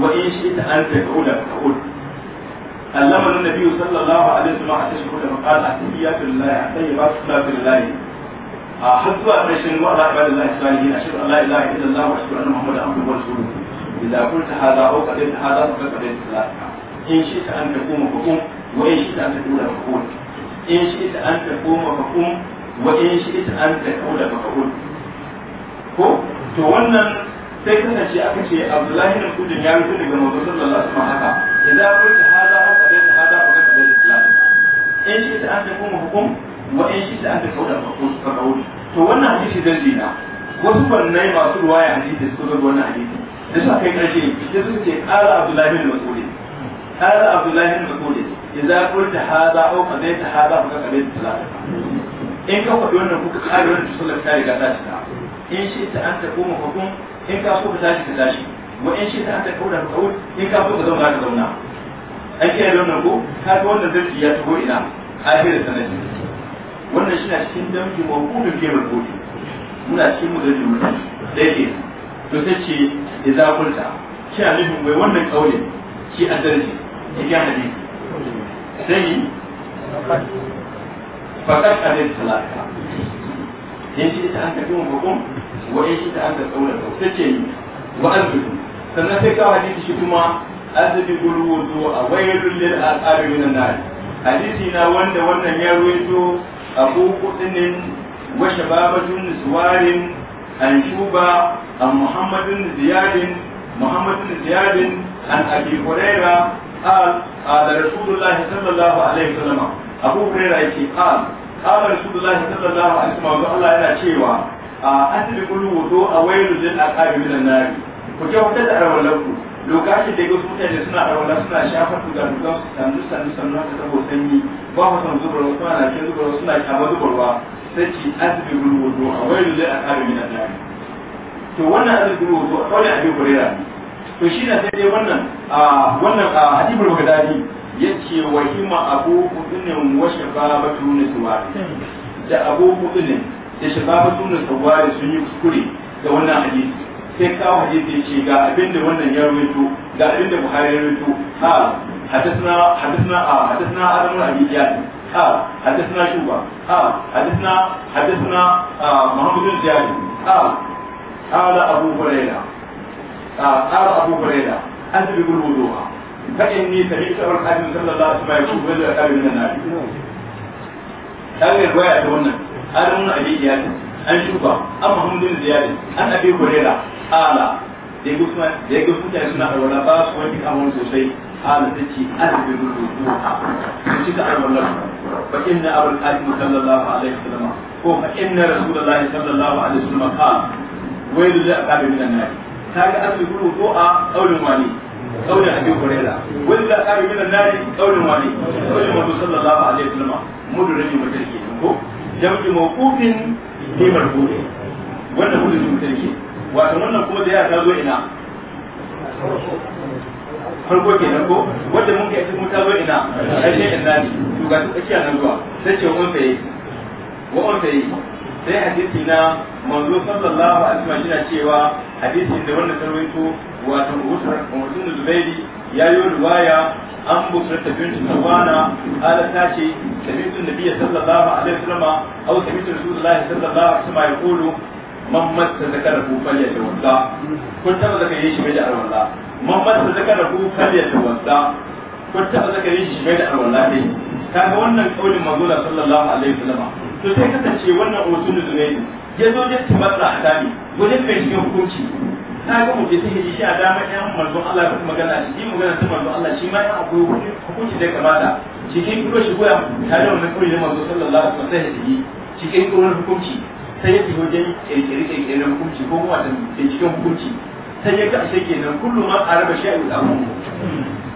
wa in shi ta an takula fa allama sallallahu alaihi a tashi kuda fa har zuwa ƙarshen wa ala ibadin lahi salihin ashhadu an la ilaha illallah wa ashhadu anna muhammadan abduhu wa rasuluhu idza qulta hadha aw qadaita hadha fa qadaita dhalika in shi'ta an takuma fakum wa in shi'ta an takula fakum in shi'ta an takuma fakum wa in shi'ta an takula fakum ko to wannan sai ce aka ce abdullahi bin kudin ya rubuta daga manzo sallallahu alaihi wasallam haka idza qulta hadha aw qadaita hadha fa qadaita dhalika in shi'ta an takuma fakum wa'in shi da an tafi da fakauri to wannan hadisi dalli na wasu bannai masu ruwaya hadisi suka zo wannan hadisi da suka kai karshe sai suka ce qala abdullahi bin mas'ud qala abdullahi ya bin mas'ud idza zai ta haza qadaita hadha fa qadaita salata in ka faɗi wannan kuka kare wannan sallar ta riga ta cika in shi ta an tafi mu hukum in ka so ka tashi ka tashi wa in shi ta an tafi da fakauri in ka so ka zauna ka zauna an kiyaye wannan ko ka ga wannan dalli ya taho ina akhir sanadi wannan shi na cikin damki wa kudu ke kofi. muna cikin mudajin mutane. ɗaya ke to ta ce da za kulta shi a nufin bai wannan ƙaule shi a darji ya ga hadisi sai fakat adin talaka Ya shi ta an tafi hukum wa ya shi ta an tafi ƙaule ta ce wa albidu sannan sai kawo hadisi shi kuma azabi gurwudu a wayar lil a min an-nar hadisi na wanda wannan ya ruwaito أبو قطن وشبابة بن سوار عن شوبة عن محمد بن زياد محمد بن زياد عن أبي هريرة قال قال رسول الله صلى الله عليه وسلم أبو هريرة قال قال رسول الله صلى الله عليه وسلم الله إلى شيوا أتلقوا الوضوء ويل للأقارب من النار وجاء وكذا أرى lokacin da wasu mutane suna arwala suna shafa su ga dukkan su sannu sannu sannu haka saboda sanyi ba ku san zubar wasu na ce zubar wasu na kyama zubarwa sai ci asibi gurgudu a wani lullu a kare min yi. to wannan asibi gurgudu a kawai abin kurera ne to shi na sai dai wannan wannan hadibul gadadi yace wa hima abu ba wa shababatu nisuwari da abu kudinin da shababatu nisuwari sun yi kuskure da wannan hadisi sai kawo hadisi ce ga abinda wannan ya rubuto ga abinda buhari ya rubuto ha hadisna hadisna a hadisna arun abi ya ha hadisna shuba ha hadisna hadisna muhammad bin ziyad ha qala abu hurayra ha qala abu hurayra anta bi wudu'a fa inni sami'tu al hadith sallallahu alaihi wasallam yaqulu wa la ta'lamu an nabiy kan riwayat wannan arun abi an shuka an muhammadin ziyari an abi hurera ala da mutane suna alwala ba su wani sosai ala ta ce alwala inna sallallahu alaihi wasallam ko inna rasulullahi sallallahu alaihi wasallam a wani sai marhudi wanda hudu sun sarki wato wannan kuma da ya ta zo ina farko ke nan ko wanda mun kai mun ta zo ina ƙarshen inna ne to ga duk tsakiya nan zuwa sai ce mun fayi wa mun yi sai hadisi na manzo sallallahu alaihi wasallam yana cewa hadisi da wannan tarwaito wato Usman Zubairi ya yi riwaya an busrata bint marwana qalat tashi sami'tu da biya sallallahu alaihi wasallam aw sami'tu rasulullahi sallallahu alaihi da yaqulu ku matta zakarahu falyatawadda kun taba yi shi bai da alwala ku matta zakarahu falyatawadda kun taba yi shi bai da alwala dai kaga wannan kaulin manzo sallallahu alaihi wasallam to sai kasance wannan usulul zunayd ya zo da a tani wajen mai cikin hukunci na ga mu je sihiri shi a dama ɗan manzon Allah ko magana shi magana ta manzon Allah shi ma ɗan akwai hukunci da kamata cikin kiro shi goya tare da wannan kuri da manzon sallallahu alaihi wasallam sai yi cikin kiro hukunci sai ya fito wajen kirkiri kirkiri hukunci ko kuma da cikin hukunci sai ya ga ashe kenan kullu ma araba shay'u al-amr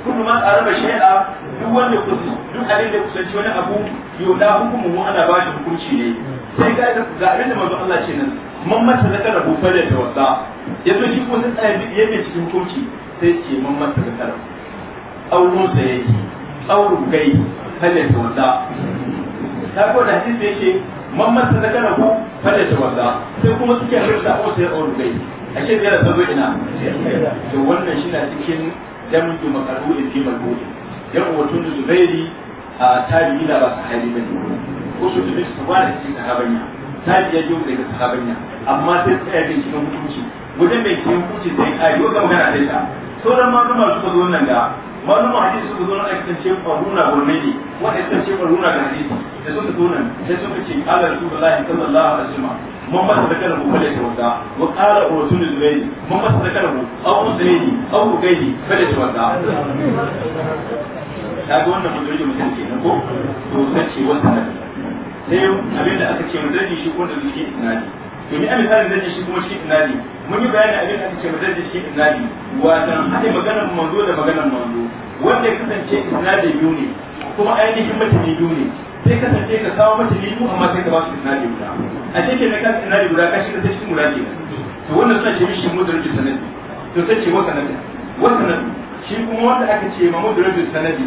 kullu ma araba a duk wanda kusa duk abin da kusanci wani abu yau da hukumu mu ana ba shi hukunci ne sai ga ga abin da manzo Allah ce nan man mata zaka da gobe da tawassa yazo shi ko sai ya bi cikin hukunci sai ce man mata zaka da aurun sa yake aurun gai hada tawassa ta ko da hadisi yake man mata zaka da gobe da tawassa sai kuma suke rubda ko sai aurun gai a ce da zo ina to wannan shi na cikin damdu makaru da fi malbudu yan wutun zubairi a tarihi da ba sahabi bane usul ne su ba da cikin sahabanya tabi ya jiyo daga sahabanya amma sai tsaya da cikin hukunci wajen mai cikin hukunci sai kai yau ga magana sai ta sauran malumar suka zo nan ga malumar hadisi suka zo nan a cikin cikin faruna gurme ne wanda ya cikin faruna da hadisi da suka zo nan sai suka ce ala rasulullahi sallallahu alaihi wasallam man ba ta kada mu kada ba ta kada mu ta wannan mutum ne mutum ke ko to sai ce wannan Sai yau abin da aka ce madarji shi ko da zuke isnadi to ni abin da shi kuma shi isnadi mun yi bayani abin da aka ce madarji shi isnadi watan haɗe maganar manzo da maganar manzo wanda ya kasance isnadi biyu ne kuma ainihin mutane biyu ne sai kasance ka kawo mata limu amma sai ka ba su isnadi guda a cikin na kan isnadi guda ka shiga sai guda ke to wannan suna ce mishi mudarji sanadi to sai ce wata nabi wata nabi shi kuma wanda aka ce ma mudarji sanadi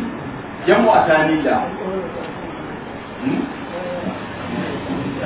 jamu atanila hmm?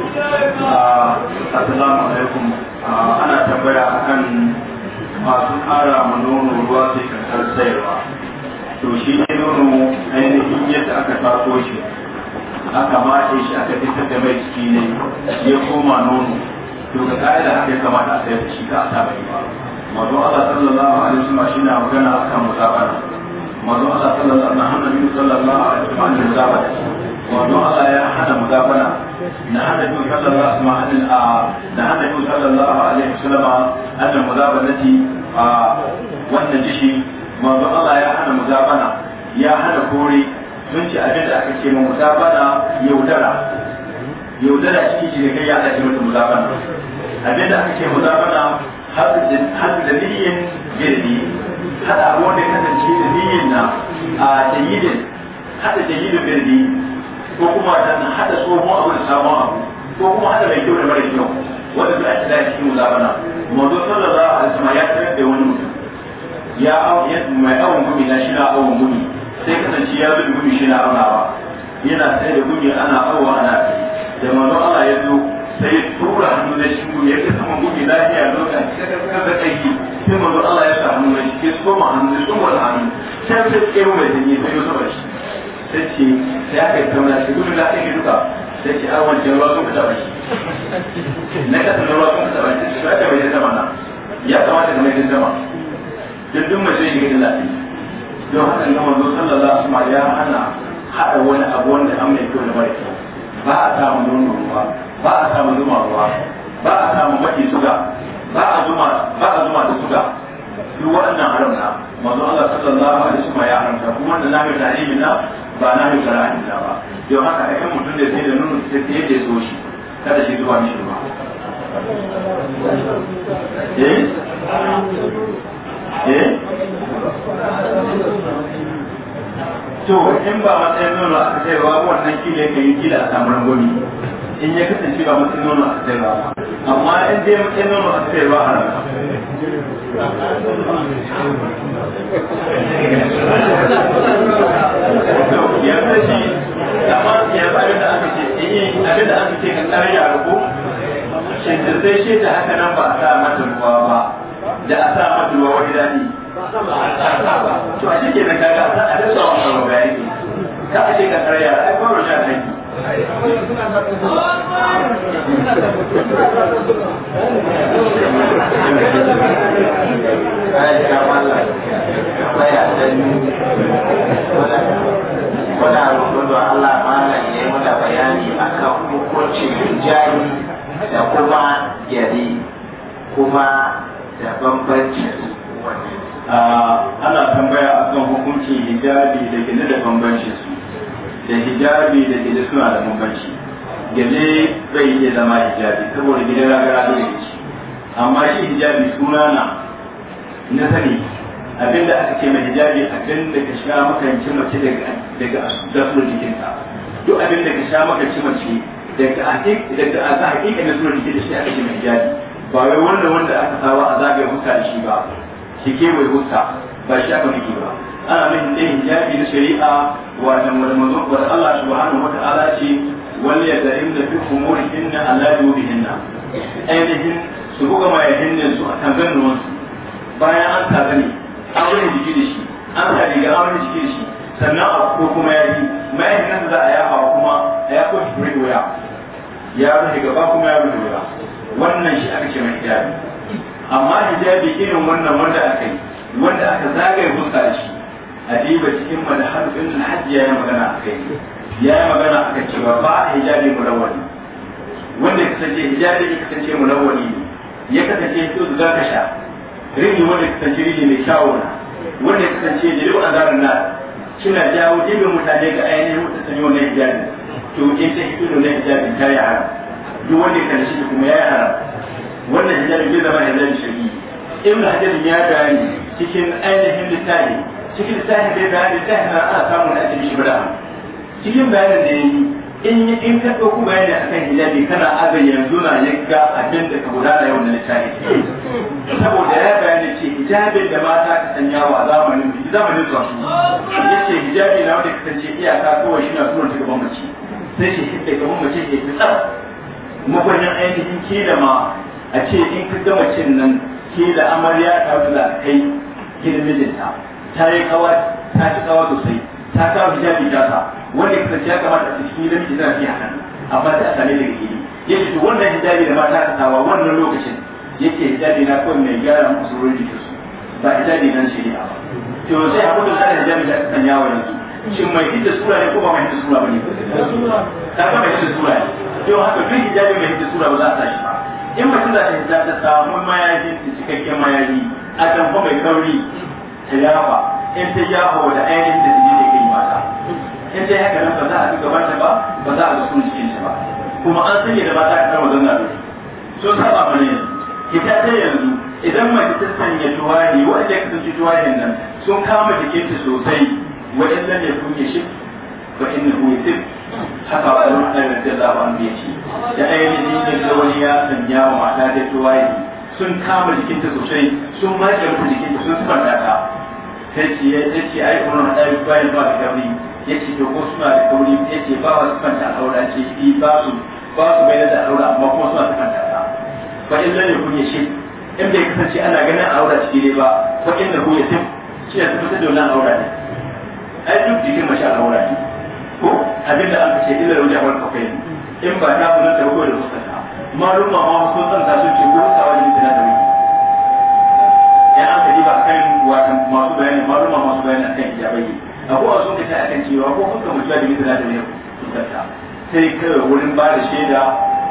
Ah, assalamu alaikum ah, ana tambaya akan masu ƙara ma nono ruwa sai karkar sayarwa to shi ne nono ainihin yadda aka taso shi aka mace shi aka fitar da mai ciki ne ya koma nono to ga ƙa'ida haka ya kamata a sayar da shi ka a sa ba mazo Allah sallallahu alaihi wasallam shi na magana akan musabana manzo Allah sallallahu alaihi wasallam Allah ya hada muzabana na hada sallallahu alaihi wasallam na hada sallallahu alaihi wasallam a wannan dishi manzo Allah ya hada muzabana ya hada kore abin da aka ce mu muzabana yaudara yaudara ya abin da aka ce hadu da niyin girbi hada wanda ya kasance da niyin na a jayidin hada jayidin girbi ko kuma dan hada tsohon abu da sabon abu ko kuma hada mai kyau da mara kyau wanda za a ci zai cikin zabana mazo sallallahu alaihi wasallam ya tarar da wani mutum ya mai awon gumi na shi na awon gumi sai kasance ya zo da gumi shi na aunawa yana sai da gumi ana awo ana da manzo Allah ya zo sai ya tura hannu na shi ya ce sama gudu lafiya lokacin sai ka da kai sai manzo Allah ya samu mai shi ya soma hannu ya soma hannu sai sai ke mai jini sai ya soma shi sai ce sai aka yi kamar shi gudu lafiya ke duka sai ce an wancan ruwa sun fita bashi na kasa ruwa sun fita bashi sai ka mai jin na ya kamata ka mai jin duk duk mai sai ya lafiya don haka ga manzo sallallahu alaihi wasallam ya hana haɗa wani abu wanda an mai kyau da mara kyau ba a samu nono ruwa ba a samu zuma ruwa ba a samu maki suga ba a zuma ba a zuma da suga duk wannan haram na manzo Allah sallallahu alaihi wasallam ya haramta kuma da nabi da ta'imi na ba na yi karani da ba don haka ai mutum da sai da nuna sai yake so shi kada shi zuwa mishi ba eh eh to in ba matsayin nuna aka ce ba wannan kile yake yi kila a samun rangwami in ya kasance ba mutum nono a sai ba amma in dai mutum nono a sai ba a ya ya ba da aka ce in abin da aka ce ka tsare ya rubu shi da shi da haka nan ba a sa mata ruwa ba da a sa mata ruwa wani to a shi ke na kaga a sa a rasa bayani ka a ka ya rubu ai ba muna rukudu Allah malam ya yi muna bayani akan hukuncin jari da kuma yari kuma da bambancin wannan. Ana tambaya akan hukuncin hijabi da gine da bambancin su. da hijabi da gida suna da bambanci gele zai iya zama hijabi saboda gidan gara da yake amma shi hijabi suna na na sani abinda aka ce mai hijabi abinda ka sha makarancin mace daga daga jikinta duk abinda ka sha makarancin mace daga daga a hakika na jikin da shi aka ce mai hijabi ba wai wanda wanda aka saba a zagaye huta da shi ba shi ke bai huta ba shi aka nufi ba ana mai dai hijabi na shari'a wajen walmazon wa Allah subhanahu wa ta'ala ce ya yadarim da fi umuri inna Allah yubi inna ainihin su buga ya hinnin su a tangan ruwan bayan an kaga ne a wani jiki da shi an ta riga a wani jiki da shi sannan a ko kuma ya yi mayan nan za a yafa kuma a ya kwashi buri wuya ya rufe gaba kuma ya rufe wuya wannan shi aka ce mai hijabi amma hijabi irin wannan wanda aka yi wanda aka zagaye fuska da shi adiba cikin manhaj ibn hajji ya yi magana a kai. ya yi magana a akan cewa ba a hijabi mulawwali wanda ya kasance hijabi ya kasance mulawwali ne ya kasance su za ka sha rini wanda ya kasance rini mai shawuna wanda ya kasance da yau azarin na kina jawo dibin mutane ga ainihin mutane wannan hijabi to in ta hito da hijabi ta yi haram duk wanda ya kasance kuma ya yi haram wannan hijabi zai zama hijabi shari'i ibn hajar ya bayani cikin ainihin littafi cikin lissafi da bayani lissafi na ana samun da ake mishi bada cikin bayanin da yayi in yi in ka ɗauko bayani a kan hijabi kana abin yanzu na yanka abin da ka gudana yau na littafi. saboda ya bayani ce hijabin da mata ka sanya wa zamanin zamanin zuwa su ya ce hijabi na wanda kasance iyaka kawai shi na tunan ta gaban mace sai shi da gaban mace ke fi aiki mafarin ke da ma a ce in ka gama cin nan ke da amarya ta da kai kila mijinta ta yi kawa ta ci kawa sosai ta kawo hijabi jasa wanda ya kasance ya kamata a cikin gidan ki zai haka amma ta same daga gidi yace to wannan hijabi da mata ta sawa wannan lokacin yake hijabi na kawai mai gyara musu ruwan jikin su ba hijabi nan shi ne ba to sai abu da zai hijabi da kan yawo yanzu shin mai hidda sura ne ko ba mai hidda sura ba ne ta ga mai hidda sura ne to haka duk hijabi mai hidda sura ba za a sa shi ba in mutum za ta hijabi ta samu mayaji cikakken mayaji a tamfa mai kauri tilaba in ta yawo da ainihin da jini ne kai mata in ta haka nan ba za a fi ta ba ba za a ga sun cikin ba kuma an sanya da mata kasar wajen na rufe sun saba mana yanzu kita ta yanzu idan mace ta sanya tuwari wanda ya kasance tuwarin nan sun kama jikinta sosai wajen nan ya kuke shi ba in da shi haka ba don ɗan da za an ya ce da ainihin da wani ya sanya wa mata da tuwari sun kama jikinta sosai sun maƙe jikinta sun sifar ta sai ce ya ce ai kuma da bayan ba da gauri ya ce to ko suna da gauri ya ce ba wa sukan ta aura ce fi ba su ba su bai da aura amma kuma suna sukan ta ta Ba in lalle kun ya shi in bai kasance ana ganin aura ciki ne ba fa in da ku ya tim shi ya tafi da wannan aura ne ai duk jikin mace aura ne ko abinda an ce illa wajen wani kafai in ba ta kuma ta ko da fuskanta ta ma ma sun san ta sun ce ko sa wani masu bayani maluma masu bayani akan hijabai abuwa sun a kan cewa ko kun ka mutuwa da mutala da yau kusurta sai kawai wurin ba da shaida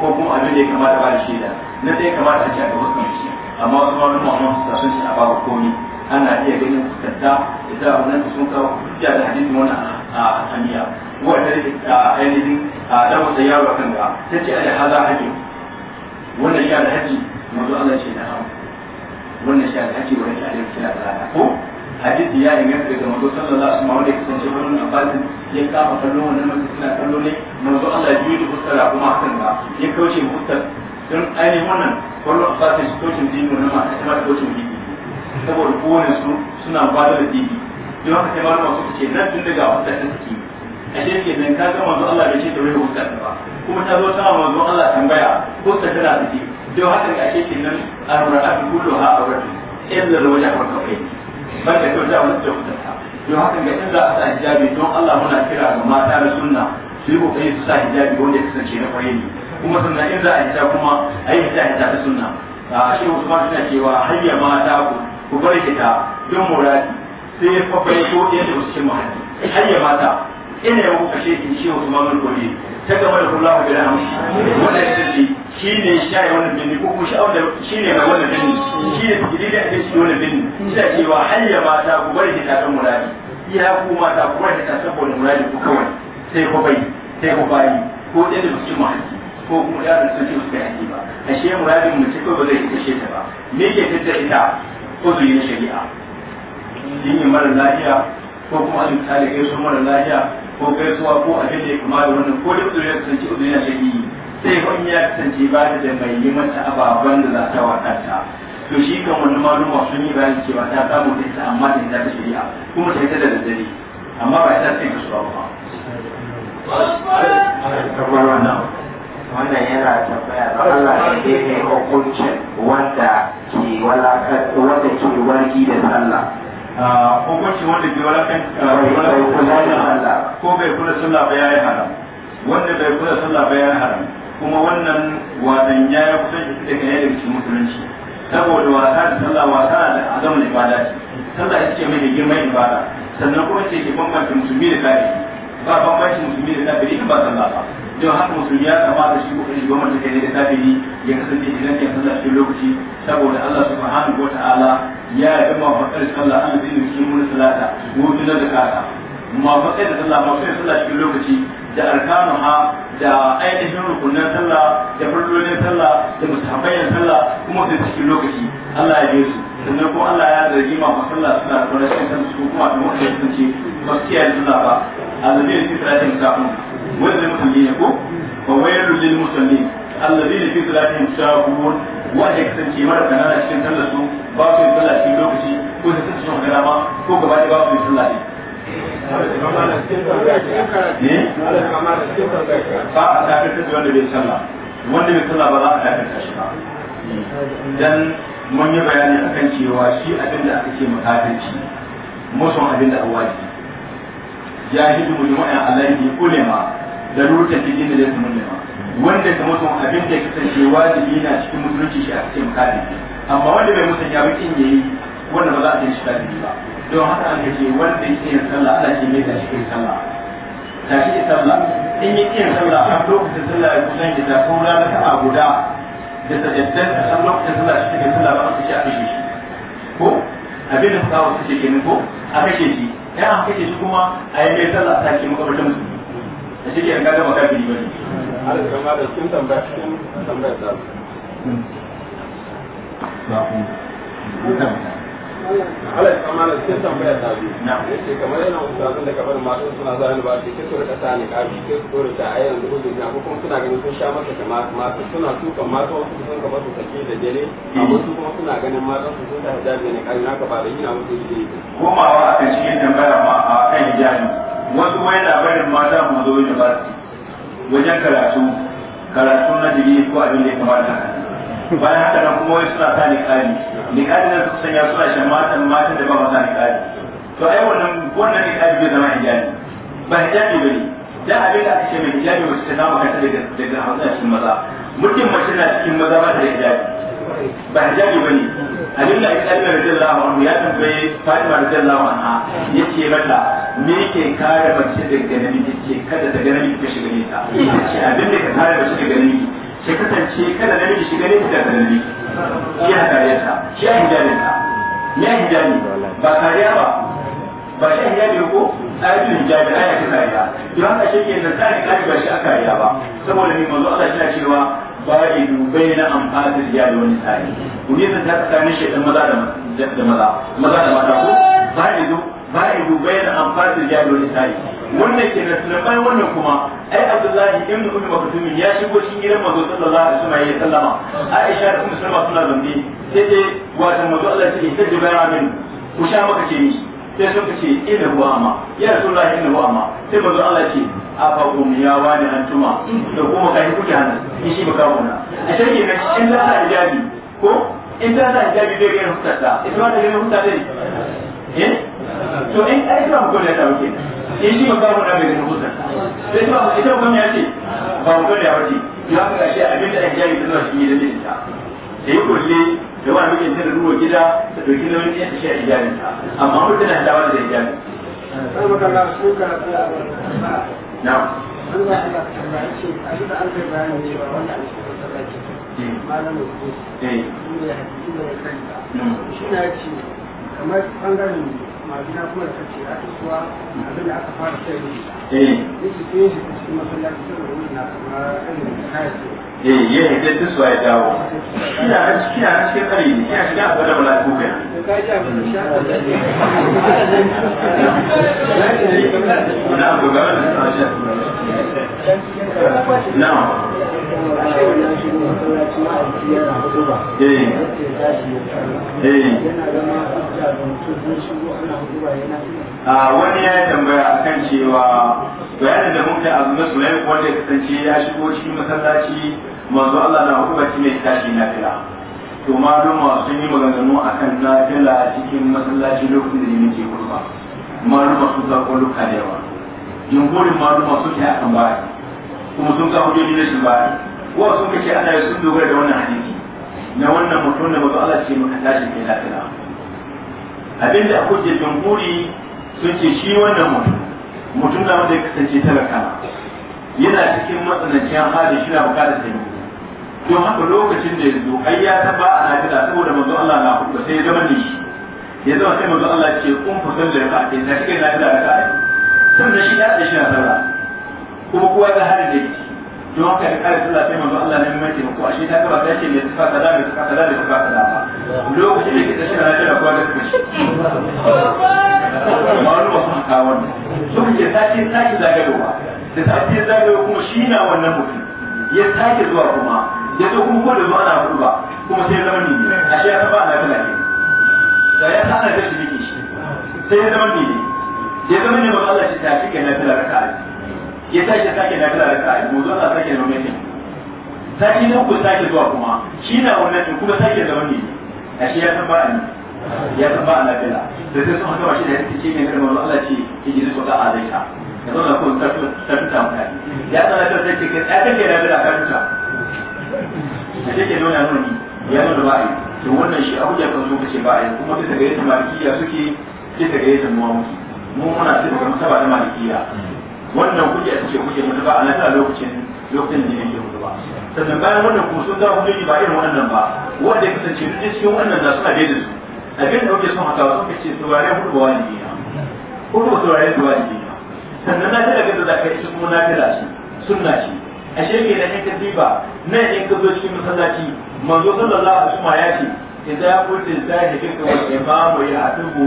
ko kuma abin da ya kamata ba da shaida na sai kamata a ci a ga wasu shi amma wasu maluma masu sun ce a ba komi ana iya ganin fuskanta ita wannan sun kawo hujja da hadisin wannan a hamiya wanda da ainihin da wata yaro akan ga ta ce ala haza haji wannan shi a alhaji manzo Allah ce na hamu wannan shi hajji. kina ko hadisi ya inganta daga da ya kama wannan suna kallo ne Allah da kuma hakan ya kauce don ainihin wannan a fatin su kocin dini wannan masu kamar kocin dini saboda kowane su suna da don haka sai malama ce nan tun daga ta suke a ke nan ka ga Allah ce da ba kuma ta zo ta manzo Allah tambaya tana da don haka ga ke nan a a illa roja farka kai ba da kyauta a wata kyauta don haka ga in za a sa hijabi don Allah muna kira ga mata da sunna su yi kokari su sa hijabi wanda ya kasance na kwaye ne kuma sannan in za a hita kuma a yi hita hita ta sunna a shi Usman suna cewa hayya mata ku ku bar don muradi sai ya ya wasu mahalli hayya mata ina yau kashe shi mun ta gaba da kullahu bil hamd shi ne ya yi wannan binni ko kuma sha'awar da shi ne mai wannan binni shi ne jiri da ake shi wannan binni suna cewa hanya mata ku bari ta tasan muradi iya ku mata ku bari ta tasan wani muradi ku kawai sai ku bai sai ku bayi ko ɗaya da su ma ko kuma yaron sun ce su kai haƙi ba a shi muradin mu ce ko ba zai kashe ta ba me ke tattara ita ko su yi na shari'a jini mara lafiya ko kuma an misali kai su mara lafiya ko gaisuwa ko abin da ya kamata wannan ko da uzuri ya kasance uzuri na shari'i sai kun ya kasance ba ta da mai yi mata ababen da za ta ta, to shi kan wani maluma sun yi bayan cewa ta samu ta ita amma ta ta shari'a kuma ta da daddare amma ba ta sai kasuwa ba wannan yana tambaya ba Allah ya ne hukuncin wanda ke walakar wanda ke wargi da sallah ah, hukuncin wanda ke walakar ah, ko bai kula sallah ba haram wanda bai kula sallah ba yayi haram kuma wannan wadan ya yi kusan shi daga yadda cikin musulunci saboda wasa da sallah wasa da azamin ibada ce sallah ya ce mai girman ibada sannan kuma ce ke bambanta musulmi da kafiri ba bambancin musulmi da kafiri in ba sallah ba don haka musulmi ya kamata shi ko goma ta kai da ne ya kasance idan ya sallah cikin lokaci saboda Allah subhanahu wataala ya yi ma fakar sallah an zai da cikin wani salata mu da zakata ma fakar da sallah ma sai sallah cikin lokaci da ha. da ainihin rukunan sallah da farlolin sallah da musafayan sallah kuma da cikin lokaci Allah ya yi su sannan kuma Allah ya zargi ma sallah suna kuma shi san su kuma da wanda ya kasance ba su kiyaye sallah ba allazi ne fi salatin wani wanda mutum ne ko wa wayrul lil musallin mutum ne fi salatin shahun wanda ya kasance mara kanana cikin sallah su ba su yi sallah cikin lokaci ko su kasance magana ma ko gaba ɗaya ba su yi sallah ne ba a dakatar da wanda bai sallah wanda bai sallah ba za a dakatar shi ba dan mun yi bayani akan cewa shi abin da aka ce mutafinci musun abin da awaji ya yi hidu mujma'in alaihi ulama da rubuta cikin da zai mulima wanda ka mutum abin da ya kasance wajibi na cikin mutunci shi a cikin mutane amma wanda bai mutum ya bi kin yayi wanda ba za a ce shi kafiri ba don haka ce wanda yin sallah ala mai sallah shi sallah in yin sallah lokacin sallah ya kusan gida ko rana ta guda da sajaddan a san lokacin sallah shi sallah ba ce a shi ko abin da suke ko a shi ya an shi kuma a yi mai sallah ta ke a shi ke ba ne. da da su. Hmm. Ba ku. Ku ala kamala sai tambayar ta bi yace kamar yana mutanen da kabar mata suna zuwa ne ba ke ke tsoro kasa ne kafi ke tsoro ta ayan da ubi na kuma suna ganin sun sha masa da suna tukan wasu sun sake da dare amma su kuma suna ganin mata su sun da hijabi ne da yana musu yi komawa a kan cikin tambaya ma a kan hijabi wasu wai labarin mata mu zo ne ba wajen karatu karatu na digiri ko abin da ya kamata bayan haka na kuma wai suna sa ne kari liƙari na suka sanya suna shan matan matan da ba maza liƙari to ai wannan wannan liƙari bai zama hijabi ba hijabi ba ne da abin da aka ce mai hijabi ba su ta kama kanta daga daga hausa cikin maza mutum mace na cikin maza ba ta da hijabi ba hijabi ba ne abin da aka kalmar radiyallahu anhu ya tambaye fatima da radiyallahu anha ya ce mata me ke kare mace daga namiji ce kada daga namiji ka shiga nisa ce abin da ka kare mace daga namiji shi kasance kada namiji shi gare da kalli shi ya kariyarsa shi ya hijabinsa ya hijabi ba kariya ba ba shi ya hijabi ko ayatul hijabi aya ta kariya to haka shi ke nan tsari kari ba shi a kariya ba saboda ni manzo Allah yana cewa ba yi ba'idu baina amfatil hijabi wani tsari ku ne ta tsakanin shi dan maza da maza da maza maza da mata ko ba'idu ba'idu bayna anfasil jari wal isari wannan ke na sulaiman wannan kuma ai abdullahi ibn ummi maktum ya shigo cikin gidan manzo sallallahu alaihi sallama aisha da ummu salama suna zambi sai dai wato manzo Allah ya ce sai ku sha maka ce sai ce ina amma ya rasulullahi ina amma sai manzo Allah ce ya wani antuma da kuma kai kuke hanan shi baka wannan a shirye na in la ko in bai ga ita wannan ne eh to in ai ba mu kula da wuce in shi ba mu da bai da hujja sai ba mu ita gwamnati ce ba mu kula da wuce ya ga shi da ake yi da shi da ne ta da yi kulle da wani mutum ta ruwa gida da doki da wani yadda eh. eh. shi a iyalin ta amma da da na ce kamar bangaren majina kuma da kace ya kusuwa abin da aka fara sai ne eh yake sai shi cikin masallaci saboda wani na kamar irin kayan eh ya hidda ta ya dawo kina a cikin a cikin kare ne kina cikin abu da bala na abu ga eh eh a wani ya tambaya a kan cewa bayan da muka abu na sulayi wanda ya kasance ya shigo cikin masallaci manzo Allah na hukuba ci mai tashi na fila to maluma sun yi maganganu kan na fila cikin masallaci lokacin da ne ke kurba maluma sun zako luka da yawa jinkurin maluma sun ke akan baya kuma sun kawo jini na shi baya ko sun kace ana sun dogara da wannan hadisi na wannan mutum da manzo Allah ce maka tashi mai lafiya abinda a kujin jamhuri sun ce shi wannan mutum mutum da wanda ya kasance talaka yana cikin matsanancin hali shi na bukatar taimako don haka lokacin da yanzu ai ya taba a lafiya saboda manzo Allah na hukunta sai ya zama ne shi ya zama sai manzo Allah ce kun fusan da ka ce na cikin lafiya da ka sannan shi da shi na sallah kuma kowa da halin da yake don haka da kare sallah sai manzo Allah ne mai taimako ashe ta gaba ta ce mai tafa kaza mai tafa kaza mai tafa kaza lokacin da kike na jira kuwa da kashi ma'alu wasu haka wannan so kike sake sake zagayowa da sake zagayowa kuma shi na wannan mutum ya sake zuwa kuma ya zo kuma ko da zuwa na ba kuma sai zama ne ashe ya saba na kana ne da ya sa da shi sai ya zama ne ya zama ne ba Allah shi ta shi kenan tilarka a ya tashi sake na kala raka mu gozo a sake na mutum sake na uku sake zuwa kuma shi na wannan tun kuma sake da wani a shi ya san ba ni ya san ba na kala da sai sun haka shi da yake cikin ne kuma Allah ce ki ji su ta alaika ya zo na ko ta ta ta mutane ya san ta sai ke ya kake na kala ka tuta a take nuna nuni ya nuna ba ai to wannan shi abuja kan zo kace ba ai kuma bisa ga yadda malikiya suke ta ga yadda muwamuki mu muna cikin masaba da malikiya wannan kuje ce kuje mutu ba a nan lokacin lokacin da yake mutu ba sannan bayan wannan kuma sun zama hujjoji ba irin wannan ba wanda ya kasance duk cikin wannan da suna daidai su abin da kuke son haka ba suka ce turare hudu ba wani ne hudu turare da wani ya sannan na ta daga da zaka yi kuma na fila ce sunna ce a shege na yankin katiba na yankin kazo cikin masallaci manzo sallallahu alaihi wasallam ya ce idza ta zahidu wa imamu ya atubu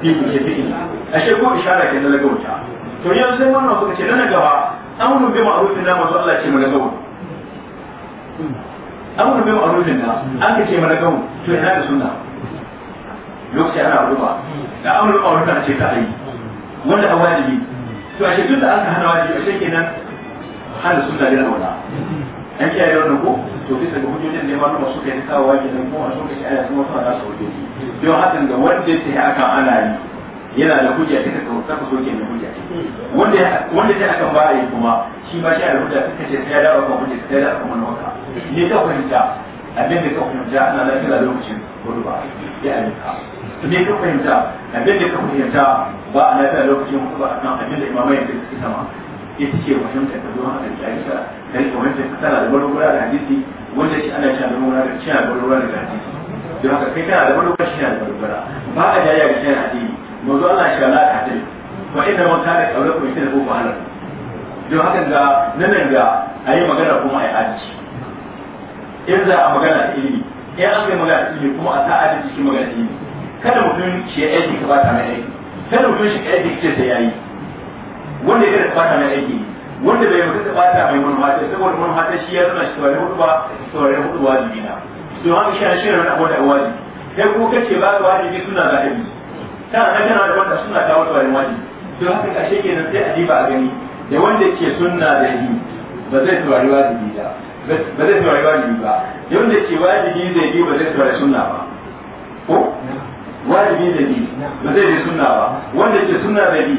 fi kulli fi'il ashe ko ishara ke na lagauta to yanzu sai wannan suka ce na gaba amrun bi ma'rufin na manzo Allah ce mu lagau amrun bi ma'rufin na an ka ce mu lagau to ina da sunna lokaci ana ruba da amrun ma'rufin ce ta ayi wanda a wajibi to ashe duk da aka hana wajibi ashe kenan hana sunna da wala an kiyaye da wannan ko to bisa ga hujjojin da imamu masu kai kawo wajen nan kuma sun kace ana kuma suna nasu hujjoji don hakan ga wanda yake akan ana yi yana da hujja ta ka saka soke ne hujja wanda wanda ta akan ba yi kuma shi ba shi da hujja ta kace sai ya dawo kan hujja sai ya dawo kan wanda ne ka fahimta abin da ka fahimta ana da kira lokacin gudu ba ya alika ne ka fahimta abin da ka fahimta ba a lafiya lokacin gudu ba akan abin da imamai da suke sama ita ce ta ta zuwa da jarisa da rika wancan kasar da barubura da hadisi wanda shi ana shan barubura da cin barubura da hadisi don haka kai kana da barubura shi da barubura ba a jaya ga shan hadisi mazu ana shi ala ka hadisi ba inda man kare kaure ko ita da ko wahala don haka ga nan ga a yi magana kuma a yi adalci in za a magana da ilimi in an kai magana da ilimi kuma a sa adalci cikin magana da ilimi kada mutum shi ya aiki ka ba ta mai aiki kada mutum shi ya aiki ce sai ya yi wanda ya da bata mai aiki wanda bai mutu da bata mai manhata saboda manhata shi ya zama shi wani hudu ba saurari hudu wajibi na to an shi shi ne wanda wajibi sai ko kace ba wajibi suna zahibi ta ga kana da wanda suna ta wata wani wajibi to haka kashe kenan sai a diba a gani da wanda ke sunna da yi ba zai saurari wajibi da ba zai saurari wajibi ba da wanda ke wajibi zai yi ba zai saurari sunna ba ko wajibi zai yi ba zai yi sunna ba wanda ke sunna zai yi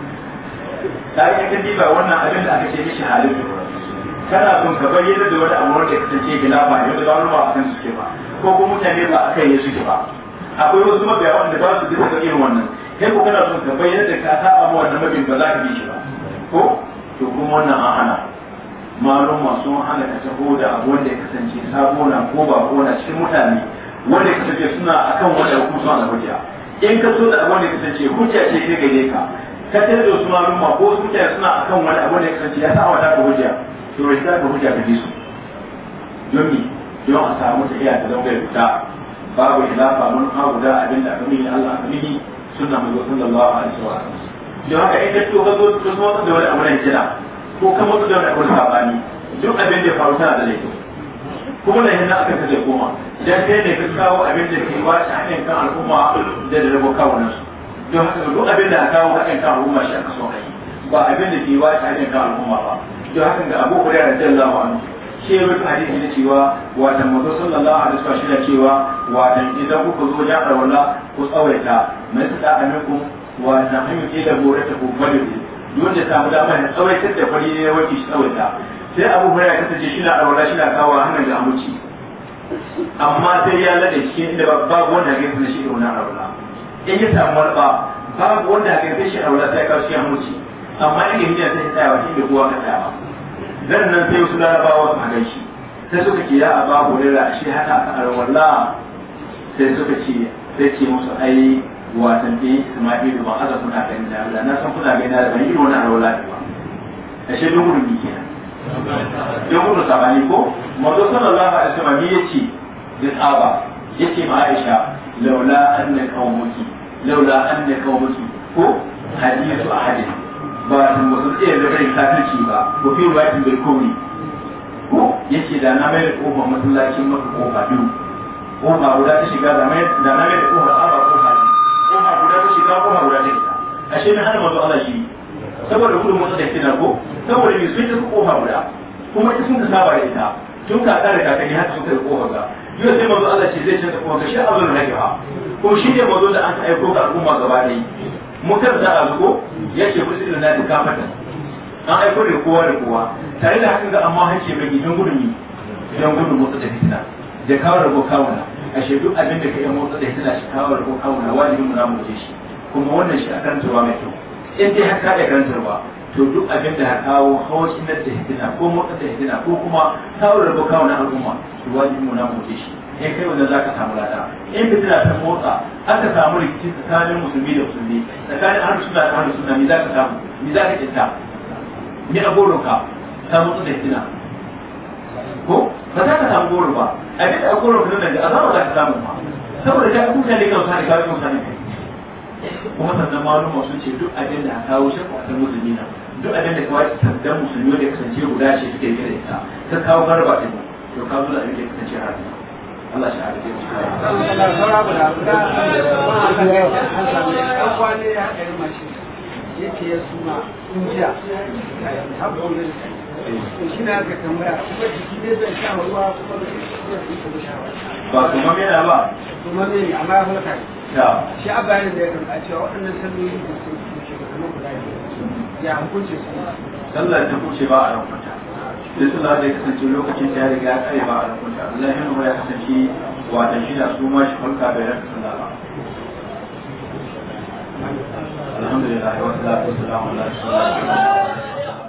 ta yi ka ba wannan abin da aka ce mishi halin kana son ka bayyana da wani abu wanda ka ce gina ba yadda da ba a kan suke ba ko kuma mutane ba a kan suke ba akwai wasu mabiya wanda ba su da irin wannan kai ko kana son ka bayyana da ka saba ma wannan mabin ba za ka bi shi ba ko to kuma wannan an hana malum masu hana ka taho da abu wanda ya kasance sabo na ko ba ko na cikin mutane wanda ya kasance suna akan wanda hukuncin alhudiya in ka so da abu wanda ya kasance hujja ce kai gare ka ka tare da suna rumma ko suke suna akan wani abu da ya kasance ya sa wata ka hujja to bai ta ka hujja ka ji su don don a samu ta iya ta zama da fita babu ilafa mun hawo guda abin da kamar Allah kamar sunna mai zo sallallahu alaihi wa sallam don haka in ka to ka zo ka zo da wani abu da kira ko ka mutu da wani abu da sabani duk abin da ya faru tana da laifin? kuma da yanzu aka kace goma dan kai ne ka kawo abin da ke ba shi hanyar kan al'umma da da rabo kawo nasu don haka duk abin da aka kawo kan al'umma shi aka so kai ba abin da ke wace hakan kan al'umma ba don haka ga Abu Hurairah radiyallahu anhu shi ya rubuta hadisi ne cewa watan manzo sallallahu alaihi wasallam shi da cewa wata idan kuka zo ja arwala ku tsawaita mai sada aminkum wa ta hanyar ke da gore ta kuma da ku wanda samu dama ya tsawaitar da fari ne wani shi tsawaita sai Abu Hurairah kasance shi na arwala shi na kawo hannun da amuci amma sai ya lade cikin inda babu wanda ya gaisa shi da wani arwala in ya samu ba babu wanda ga sai a aure sai karshe shi hamuci amma in hijira sai tsayawa shi da kowa ka ba. dan nan sai su larabawa su a shi sai suka ce ya a aba hulira shi haka aka arwalla sai suka ce sai ce musu ai wasan bi Isma'ilu ba haka kuna ganin da Allah na san kuna ganin da ban yi wani ne ba A shi duk gurbi kenan duk gudu sabani ko mazo sallallahu alaihi wasallam yace da tsaba yace ma Aisha laula anna qaumuki laula anna qaumuki ko hadithu ahadin ba tun wasu tsaye da bai kafirci ba ko fi ba kin bai komi ko saboda kina ko saboda ta kofa guda kuma ita sun ita tun ka tsara kakanni suka yi kofa ga duk sai mazo Allah ce zai canza kuma kashi azul nagiha ko shi ne mazo da an aiko ga al'umma gaba ɗaya mutar da azuko yake musu da nadi kafatan an aiko da kowa da kowa tare da haka ga amma hanci bai gidan gudun yi don gudun motsa da fitina da kawo rabo kawuna a shaidu abin da ka yi motsa da fitina shi kawo rabo kawuna wajibin mu na mutu shi kuma wannan shi a karantarwa mai kyau in dai haka ya karantarwa to duk abin da ya kawo hawashin da hidina ko motsa da hidina ko kuma kawo da kawo na al'umma to wajibi mu na shi ya kai wanda za ka samu lada in fitina ta motsa ka samu rikici tsakanin musulmi da musulmi tsakanin ahlus sunna da ahlus sunna me za ka samu me za ka kinta ni a ka ta motsa da hidina ko ba za ka samu goro ba abin da a ka nan da azama za ka samu ba saboda ka kuka ne kan sa da kawo kan sa ne kuma sannan malum sun ce duk abin da kawo shi ko ta musulmi na duk abin da kawai sandan musulmi da kasance guda ce suke yi da ita ta kawo garba din to kawo zo da abin da kasance har Allah shi arke mu shi yake ya suna injiya Eh, shi na aka tambaya kuma jiki ne zai sha ruwa kuma zai fi kuma sha ba kuma me da ba kuma me ne amma ya halaka ta shi a bayanin da ya kan cewa waɗannan salloli da su ke da kuma guda ya hukunce su sallar da kuce ba a rukunta da sallar da ya kasance lokacin da ya riga ya kare ba a rukunta Allah ya nuna ya kasance wata shida su ma shi hulka bai rasa sallah ba الحمد لله والصلاة والسلام على رسول الله